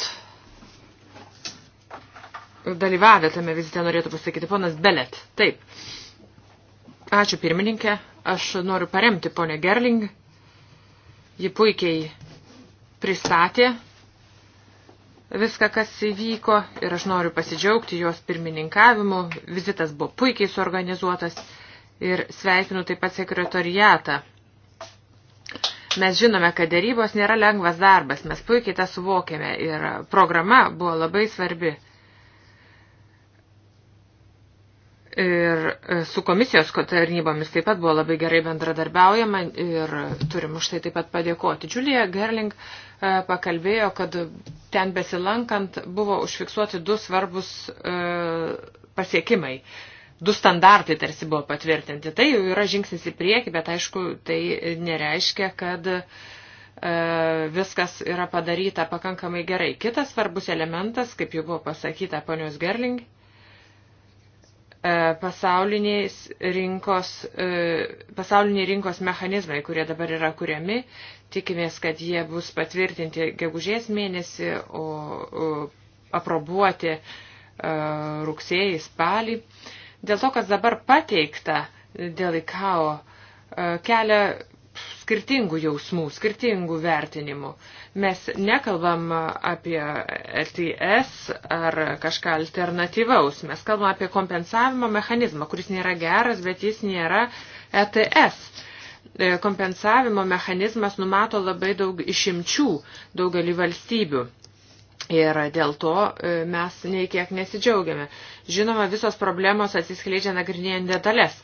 dalyvavę tame vizite norėtų pasakyti. Ponas Belet, taip. Ačiū pirmininkė, aš noriu paremti ponę Gerling. Ji puikiai pristatė viską, kas įvyko ir aš noriu pasidžiaugti jos pirmininkavimu. Vizitas buvo puikiai suorganizuotas ir sveikinu taip pat sekretoriatą. Mes žinome, kad dėrybos nėra lengvas darbas, mes puikiai tą suvokėme ir programa buvo labai svarbi. Ir e, su komisijos tarnybomis taip pat buvo labai gerai bendradarbiaujama ir turim už tai taip pat padėkoti. Julia Gerling e, pakalbėjo, kad ten besilankant buvo užfiksuoti du svarbus e, pasiekimai. Du standartai tarsi buvo patvirtinti. Tai jau yra žingsnis į priekį, bet aišku, tai nereiškia, kad viskas yra padaryta pakankamai gerai. Kitas svarbus elementas, kaip jau buvo pasakyta ponios Gerling, E, pasauliniais rinkos, e, pasauliniai rinkos mechanizmai, kurie dabar yra kuriami. Tikimės, kad jie bus patvirtinti gegužės mėnesį, o, o aprobuoti e, rugsėjai spalį. Dėl to, kas dabar pateikta dėl IKAO, kelia skirtingų jausmų, skirtingų vertinimų. Mes nekalbam apie LTS ar kažką alternatyvaus, mes kalbam apie kompensavimo mechanizmą, kuris nėra geras, bet jis nėra ETS e, kompensavimo mechanizmas numato labai daug išimčių daugelį valstybių. Ir dėl to e, mes nei kiek nesidžiaugiame. Žinoma, visos problemos atsiskleidžia nagrinėjant detalės,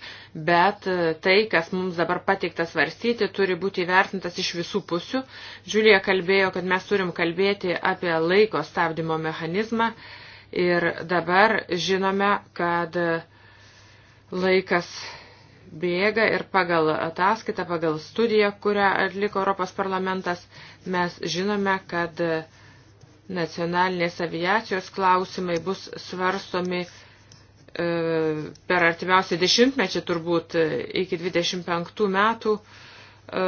bet e, tai, kas mums dabar pateikta svarstyti, turi būti įvertintas iš visų pusių. Žiulija kalbėjo, kad mes turim kalbėti apie laiko stabdymo mechanizmą ir dabar žinome, kad e, laikas bėga ir pagal ataskaitą, pagal studiją, kurią atliko Europos parlamentas, mes žinome, kad nacionalinės aviacijos klausimai bus svarstomi e, per artimiausią dešimtmečią turbūt e, iki 25 metų e,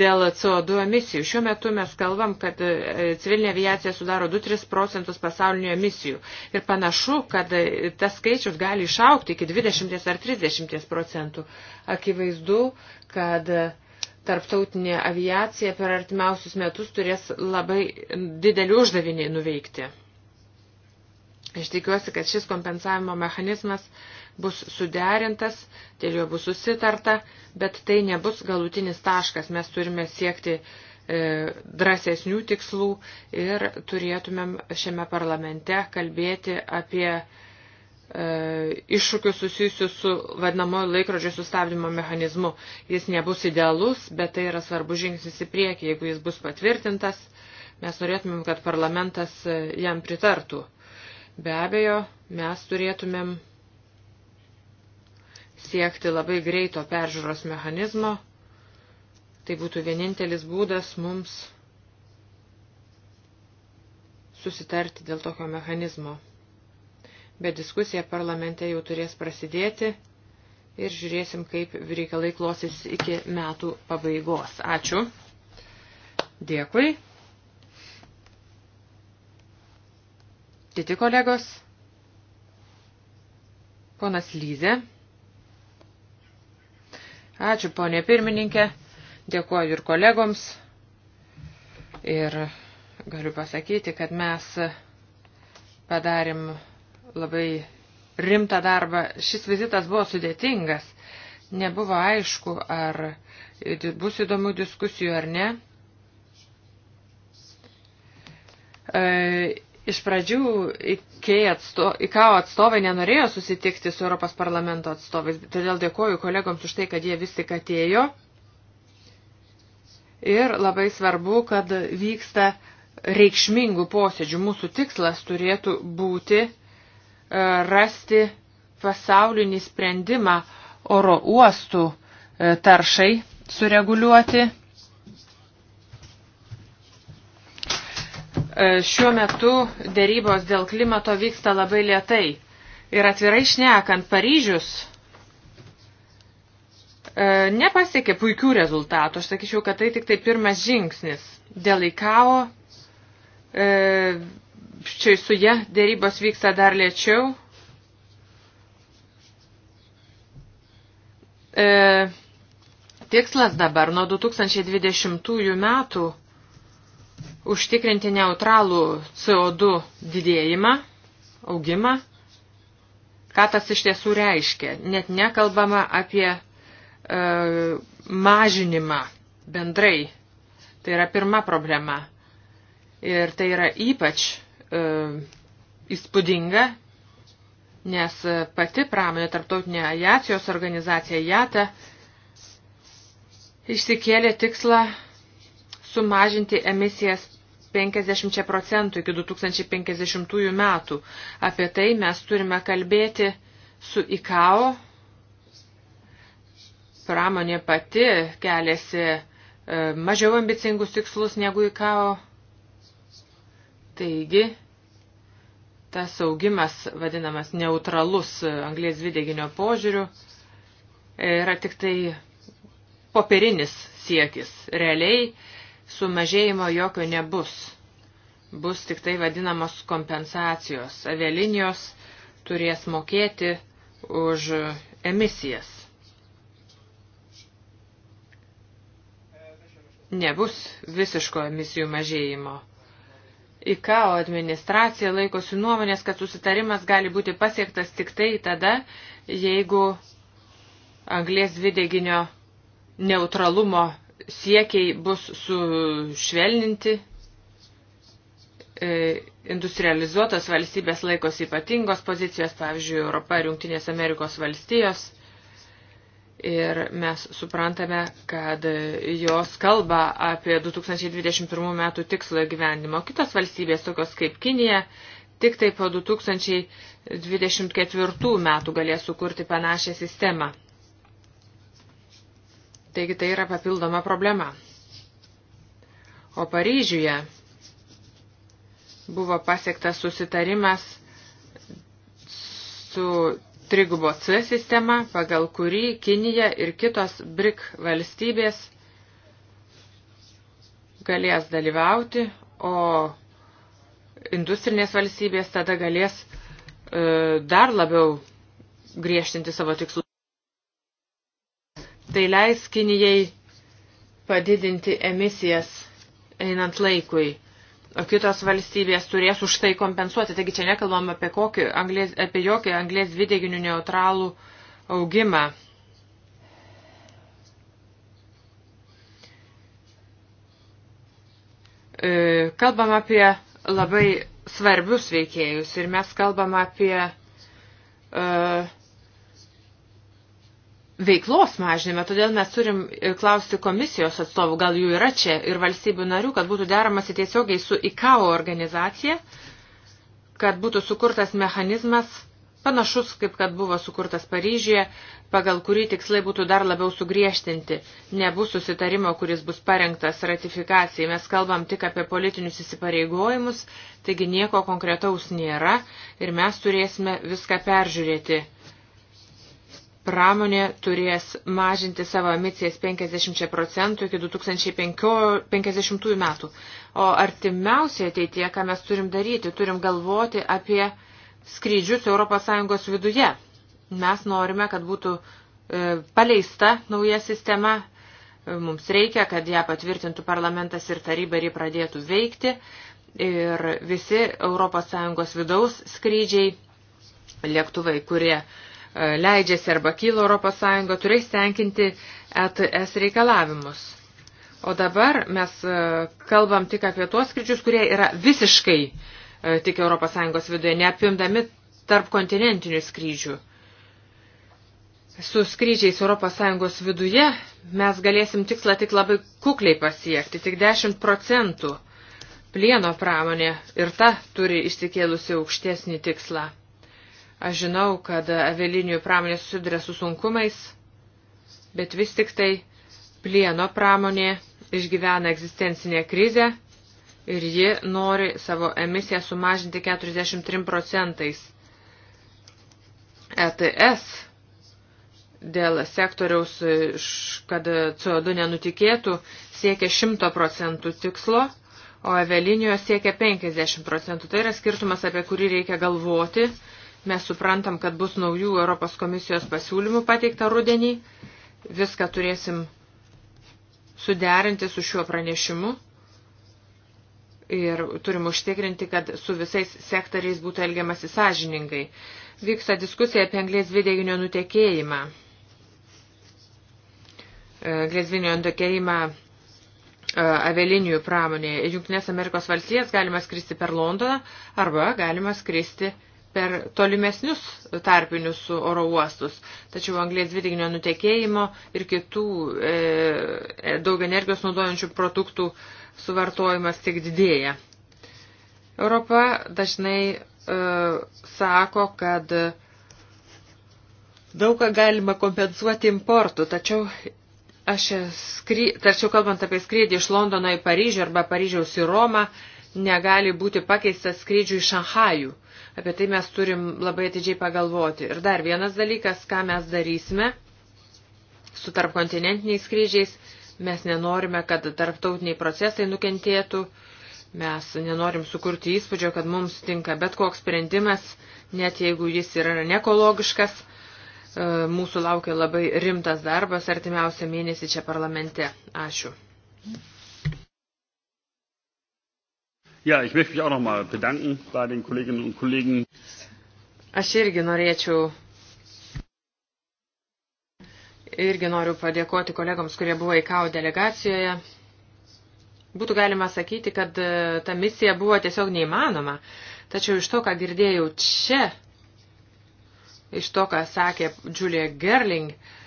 dėl CO2 emisijų. Šiuo metu mes kalbam, kad civilinė aviacija sudaro 2-3 procentus pasaulinių emisijų. Ir panašu, kad tas skaičius gali išaukti iki 20 ar 30 procentų. Akivaizdu, kad uh, tarptautinė aviacija per artimiausius metus turės labai didelį uždavinį nuveikti. Aš tikiuosi, kad šis kompensavimo mechanizmas bus suderintas, dėl jo bus susitarta, bet tai nebus galutinis taškas. Mes turime siekti e, drąsesnių tikslų ir turėtumėm šiame parlamente kalbėti apie e, E, iššūkių susijusių su vadinamoju laikrodžio sustabdymo mechanizmu. Jis nebus idealus, bet tai yra svarbu žingsnis į priekį. Jeigu jis bus patvirtintas, mes norėtumėm, kad parlamentas e, jam pritartų. Be abejo, mes turėtumėm siekti labai greito peržiūros mechanizmo. Tai būtų vienintelis būdas mums susitarti dėl tokio mechanizmo bet diskusija parlamente jau turės prasidėti ir žiūrėsim, kaip reikalai klosis iki metų pabaigos. Ačiū. Dėkui. Kiti kolegos. Ponas Lyze. Ačiū, ponė pirmininkė. Dėkuoju ir kolegoms. Ir galiu pasakyti, kad mes padarim labai rimtą darbą. Šis vizitas buvo sudėtingas. Nebuvo aišku, ar bus įdomių diskusijų ar ne. E, iš pradžių atsto, IKAO atstovai nenorėjo susitikti su Europos parlamento atstovais, todėl dėkoju kolegoms už tai, kad jie vis tik atėjo. Ir labai svarbu, kad vyksta reikšmingų posėdžių. Mūsų tikslas turėtų būti rasti pasaulinį sprendimą oro uostų e, taršai sureguliuoti. E, šiuo metu dėrybos dėl klimato vyksta labai lietai. Ir atvirai šnekant, Paryžius e, nepasiekė puikių rezultatų. Aš sakyčiau, kad tai tik tai pirmas žingsnis. Dėl IKAO čia su ja dėrybos vyksta dar lėčiau. E, tikslas dabar nuo 2020 metų užtikrinti neutralų CO2 didėjimą, augimą. Ką tas iš tiesų reiškia? Net nekalbama apie e, mažinimą bendrai. Tai yra pirma problema. Ir tai yra ypač e, įspūdinga, nes pati pramonė tarptautinė aviacijos organizacija JATA išsikėlė tikslą sumažinti emisijas 50 procentų iki 2050 metų. Apie tai mes turime kalbėti su ICAO. Pramonė pati keliasi e, mažiau ambicingus tikslus negu ICAO Taigi, tas augimas, vadinamas neutralus anglės dvideginio požiūrių, e, yra tik tai popierinis siekis. Realiai sumažėjimo jokio nebus. Bus tik tai vadinamos kompensacijos. Avialinijos turės mokėti už emisijas. Nebus visiško emisijų mažėjimo. IKAO administracija laikosi nuomonės, kad susitarimas gali būti pasiektas tik tai tada, jeigu anglės dvideginio neutralumo siekiai bus sušvelninti. E, industrializuotos valstybės laikosi ypatingos pozicijos, pavyzdžiui, Europa ir Junktinės Amerikos valstijos ir mes suprantame, kad jos kalba apie 2021 metų tikslo gyvenimo. Kitos valstybės, tokios kaip Kinija, tik tai po 2024 metų galės sukurti panašią sistemą. Taigi tai yra papildoma problema. O Paryžiuje buvo pasiektas susitarimas su trigubo C sistema, pagal kurį Kinija ir kitos BRIC valstybės galės dalyvauti, o industrinės valstybės tada galės e, dar labiau griežtinti savo tikslus. Tai leis Kinijai padidinti emisijas einant laikui o kitos valstybės turės už tai kompensuoti. Taigi čia nekalbam apie, kokį, anglės, apie jokį anglės dvideginių neutralų augimą. E, kalbam apie labai svarbius veikėjus ir mes kalbam apie uh, veiklos mažinime, todėl mes turim e, klausti komisijos atstovų, gal jų yra čia, ir valstybių narių, kad būtų deramasi tiesiogiai su ICAO organizacija, kad būtų sukurtas mechanizmas panašus, kaip kad buvo sukurtas Paryžyje, pagal kurį tikslai būtų dar labiau sugriežtinti. Nebus susitarimo, kuris bus parengtas ratifikacijai. Mes kalbam tik apie politinius įsipareigojimus, taigi nieko konkretaus nėra ir mes turėsime viską peržiūrėti pramonė turės mažinti savo emisijas 50 procentų iki 2050 metų. O artimiausioje ateityje, ką mes turim daryti, turim galvoti apie skrydžius ES viduje. Mes norime, kad būtų e, paleista nauja sistema. E, mums reikia, kad ją patvirtintų parlamentas ir taryba ir jį pradėtų veikti. Ir visi ES vidaus skrydžiai, lėktuvai, kurie uh, E, leidžiasi arba kyla Europos Sąjunga, turės tenkinti ETS reikalavimus. O dabar mes e, kalbam tik apie tuos skrydžius, kurie yra visiškai e, tik Europos Sąjungos viduje, neapimdami tarp kontinentinių skrydžių. Su skrydžiais Europos Sąjungos viduje mes galėsim tikslą tik labai kukliai pasiekti, tik 10 procentų plieno pramonė ir ta turi išsikėlusi aukštesnį tikslą. Aš žinau, kad avialinių pramonė susiduria su sunkumais, bet vis tik tai plieno pramonė išgyvena egzistencinę krizę ir ji nori savo emisiją sumažinti 43 procentais. ETS dėl sektoriaus, kad CO2 nenutikėtų, siekia 100 procentų tikslo, o avialinijos siekia 50 procentų. Tai yra skirtumas, apie kurį reikia galvoti Mes suprantam, kad bus naujų Europos komisijos pasiūlymų pateikta rudenį. Viską turėsim suderinti su šiuo pranešimu ir turim užtikrinti, kad su visais sektoriais būtų elgiamasi sąžiningai. Vyksta diskusija apie anglės dvideginio nutekėjimą. E, anglės dvideginio nutekėjimą e, avialinijų pramonėje. Junktinės Amerikos valstijas galima skristi per Londoną arba galima skristi per tolimesnius tarpinius oro uostus. Tačiau anglės dvideginio nutekėjimo ir kitų e, e, daug energijos naudojančių produktų suvartojimas tik didėja. Europa dažnai e, sako, kad daug ką galima kompensuoti importu, tačiau aš skry, tačiau kalbant apie skrydį iš Londono į Paryžių arba Paryžiaus į Romą, negali būti pakeistas skrydžių į Šanhajų. E, Apie tai mes turim labai atidžiai pagalvoti. Ir dar vienas dalykas, ką mes darysime su tarpkontinentiniais skrydžiais. Mes nenorime, kad tarptautiniai procesai nukentėtų. Mes nenorim sukurti įspūdžio, kad mums tinka bet koks sprendimas, net jeigu jis yra nekologiškas. E, mūsų laukia labai rimtas darbas artimiausią mėnesį čia parlamente. Ačiū. Ja, ich möchte mich auch nochmal bedanken bei den Kolleginnen und Kollegen. Aš irgi norėčiau. Irgi noriu padėkoti kolegoms, kurie buvo IKAO delegacijoje. Būtų galima sakyti, kad e, ta misija buvo tiesiog neįmanoma. Tačiau iš to, ką girdėjau čia, iš to, ką sakė Julia Gerling, uh,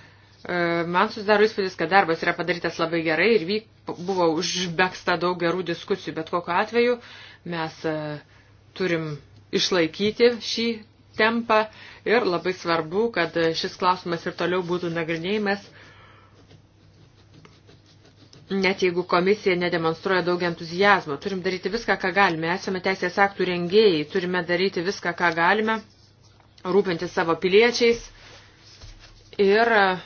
E, man susidaro įspūdis, kad darbas yra padarytas labai gerai ir vyk, buvo užbėgsta daug gerų diskusijų, bet kokiu atveju mes e, turim išlaikyti šį tempą ir labai svarbu, kad šis klausimas ir toliau būtų nagrinėjimas, net jeigu komisija nedemonstruoja daug entuzijazmo. Turim daryti viską, ką galime. Esame teisės aktų rengėjai, turime daryti viską, ką galime, rūpinti savo piliečiais ir uh,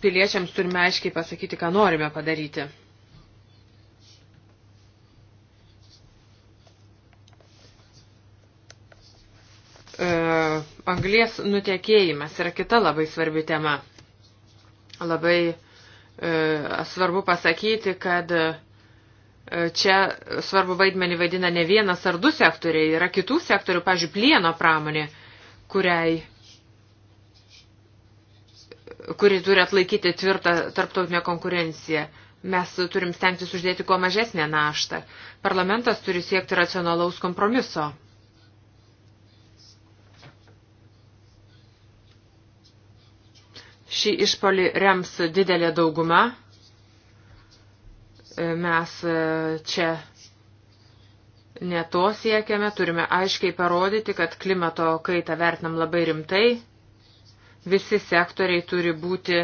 piliečiams turime aiškiai pasakyti, ką norime padaryti. E, anglies nutekėjimas yra kita labai svarbi tema. Labai e, svarbu pasakyti, kad e, čia svarbu vaidmenį vaidina ne vienas ar du sektoriai, yra kitų sektorių, pažiūrėjau, plieno pramonė, kuriai kuri turi atlaikyti tvirtą tarptautinę konkurenciją. Mes turim stengtis uždėti kuo mažesnę naštą. Parlamentas turi siekti racionalaus kompromiso. Šį išpolį rems didelė dauguma. E, mes e, čia ne to siekiame, turime aiškiai parodyti, kad klimato kaitą vertinam labai rimtai visi sektoriai turi būti,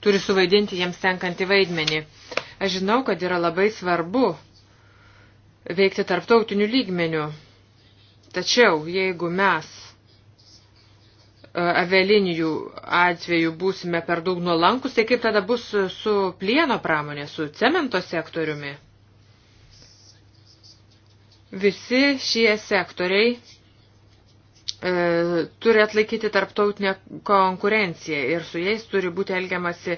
turi suvaidinti jiems tenkantį vaidmenį. Aš žinau, kad yra labai svarbu veikti tarptautiniu lygmeniu. Tačiau, jeigu mes e, avialinijų atveju būsime per daug nuolankus, tai kaip tada bus su plieno pramonė, su cemento sektoriumi? Visi šie sektoriai E, turi atlaikyti tarptautinę konkurenciją ir su jais turi būti elgiamasi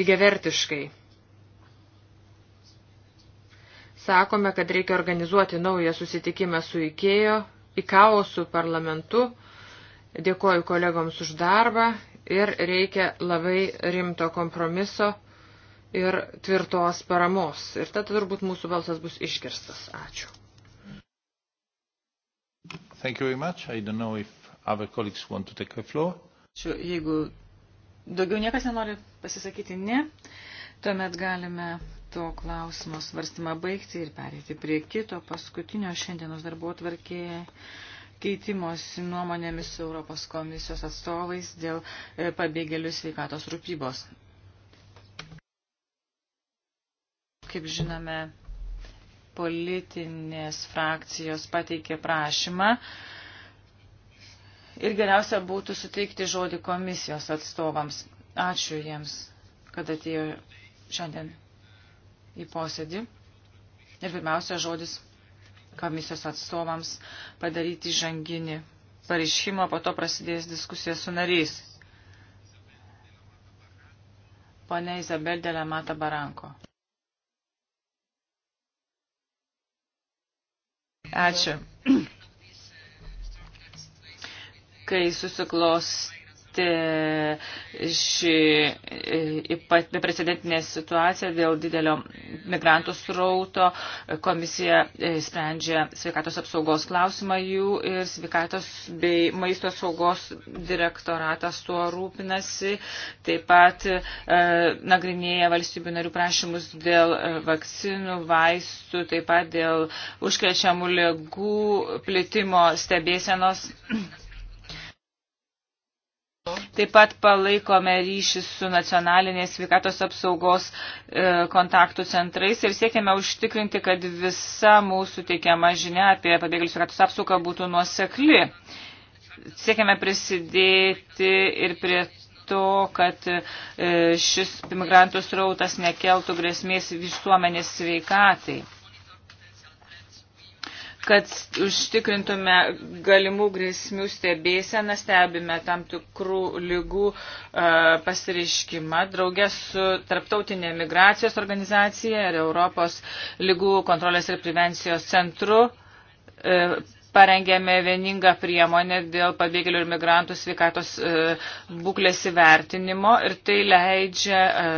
lygiavertiškai. Sakome, kad reikia organizuoti naują susitikimą su IKEO, IKAO su parlamentu. Dėkoju kolegoms už darbą ir reikia labai rimto kompromiso ir tvirtos paramos. Ir tada turbūt mūsų balsas bus išgirstas. Ačiū. Thank you very much. I don't know if other colleagues want to take the floor. Ačiū. Jeigu daugiau niekas nenori pasisakyti ne, tuomet galime to klausimo svarstymą baigti ir perėti prie kito paskutinio šiandienos darbo tvarkėje keitimosi nuomonėmis su Europos komisijos atstovais dėl e, pabėgėlių sveikatos rūpybos. Kaip žinome, politinės frakcijos pateikė prašymą ir geriausia būtų suteikti žodį komisijos atstovams. Ačiū jiems, kad atėjo šiandien į posėdį. Ir pirmiausia žodis komisijos atstovams padaryti žanginį pareiškimą, po to prasidės diskusija su nariais. Pane Izabel Delemata Baranko. Ačiū. Kai susiklos ši e, beprecedentinė situacija dėl didelio migrantų srauto. Komisija e, sprendžia sveikatos apsaugos klausimą jų ir sveikatos bei maisto saugos direktoratas tuo rūpinasi. Taip pat e, nagrinėja valstybių narių prašymus dėl e, vakcinų, vaistų, taip pat dėl užkrečiamų lygų plitimo stebėsenos Taip pat palaikome ryšį su nacionalinės sveikatos apsaugos e, kontaktų centrais ir siekiame užtikrinti, kad visa mūsų teikiama žinia apie pabėgėlių sveikatos apsaugą būtų nuosekli. Siekiame prisidėti ir prie to, kad e, šis migrantų srautas nekeltų grėsmės visuomenės sveikatai kad užtikrintume galimų grėsmių stebėseną, stebime tam tikrų lygų e, pasireiškimą, draugė su Tarptautinė migracijos organizacija ir Europos lygų kontrolės ir prevencijos centru. E, Parengėme vieningą priemonę dėl pabėgėlių ir migrantų sveikatos e, būklės įvertinimo ir tai leidžia e,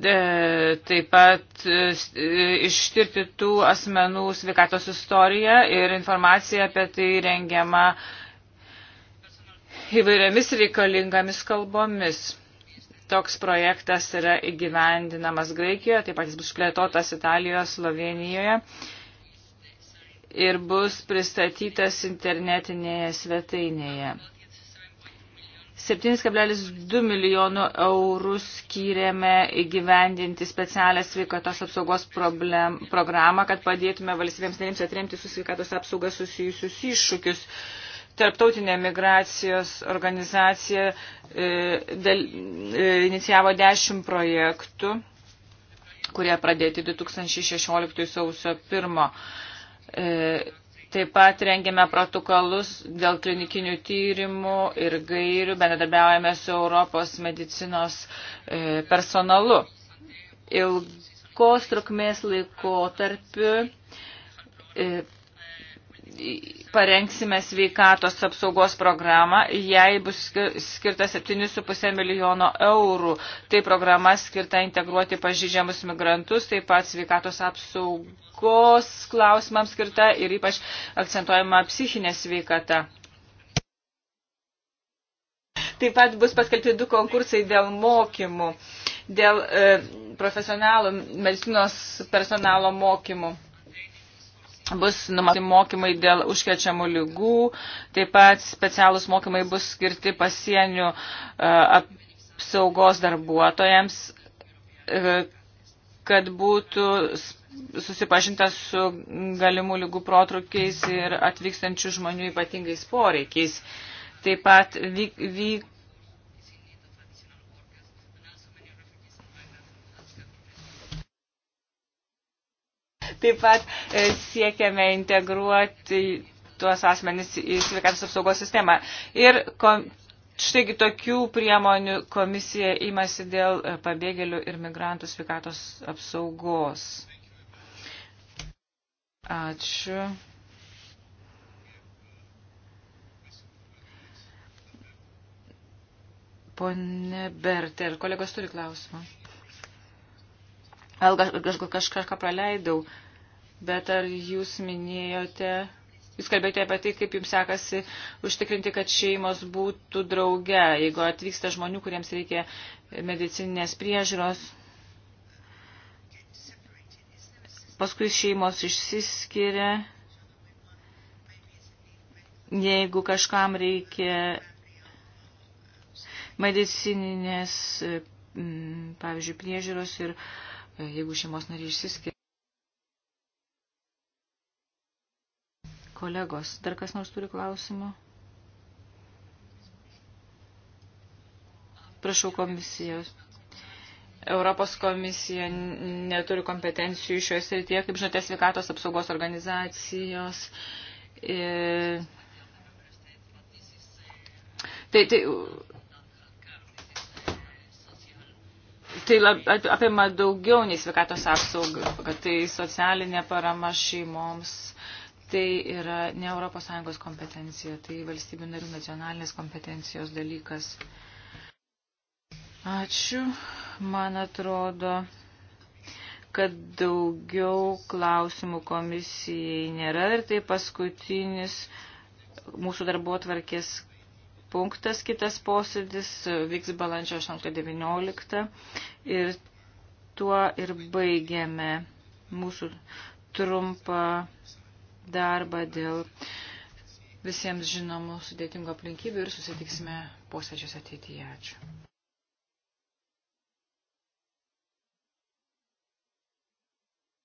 E, taip pat e, e, ištirti tų asmenų sveikatos istoriją ir informaciją apie tai rengiama įvairiomis reikalingomis kalbomis. Toks projektas yra įgyvendinamas Graikijoje, taip pat jis bus plėtotas Italijoje, Slovenijoje ir bus pristatytas internetinėje svetainėje. 7,2 milijonų eurų skyrėme įgyvendinti specialią sveikatos apsaugos problem, programą, kad padėtume valstybėms narėms atremti su sveikatos apsauga susijusius iššūkius. Tarptautinė migracijos organizacija e, dal, e, inicijavo 10 projektų, kurie pradėti 2016 sausio 1. E, Taip pat rengiame protokolus dėl klinikinių tyrimų ir gairių, bendradarbiaujame su Europos medicinos e, personalu. Ilgos trukmės laikotarpiu e, parengsime sveikatos apsaugos programą, jai bus skirta 7,5 milijono eurų. Tai programa skirta integruoti pažydžiamus migrantus, taip pat sveikatos apsaugos klausimams skirta ir ypač akcentuojama psichinė sveikata. Taip pat bus paskelbti du konkursai dėl mokymų, dėl e, profesionalų medicinos personalo mokymų bus numatyti mokymai dėl užkečiamų lygų, taip pat specialūs mokymai bus skirti pasienių e, apsaugos darbuotojams, e, kad būtų susipažintas su galimų lygų protrukiais ir atvykstančių žmonių ypatingais poreikiais. Taip pat vyk, vyk, Taip pat e, siekiame integruoti tuos asmenys į sveikatos apsaugos sistemą. Ir kom, štai tokių priemonių komisija imasi dėl e, pabėgėlių ir migrantų sveikatos apsaugos. Ačiū. Pone Berter, kolegos turi klausimą. Gal kažką praleidau. Uh, Bet ar jūs minėjote, jūs kalbėjote apie tai, kaip jums sekasi užtikrinti, kad šeimos būtų drauge, jeigu atvyksta žmonių, kuriems reikia medicininės priežiūros. Paskui šeimos išsiskiria jeigu kažkam reikia medicininės, mm, pavyzdžiui, priežiūros ir e, jeigu šeimos nariai išsiskiria. kolegos. Dar kas nors turi klausimų? Prašau komisijos. Europos komisija neturi kompetencijų šioje srityje, kaip žinote, sveikatos apsaugos organizacijos. Ir... E, tai, tai, tai lab, apima daugiau nei sveikatos apsaugą, kad tai socialinė parama šeimoms tai yra ne ES kompetencija, tai valstybių narių nacionalinės kompetencijos dalykas. Ačiū. Man atrodo, kad daugiau klausimų komisijai nėra ir tai paskutinis mūsų darbo tvarkės punktas, kitas posėdis vyks balandžio 8-19 ir tuo ir baigiame mūsų trumpą darbą, dėl visiems žinomų sudėtingų aplinkybių ir susitiksime posėdžius ateityje. Ačiū.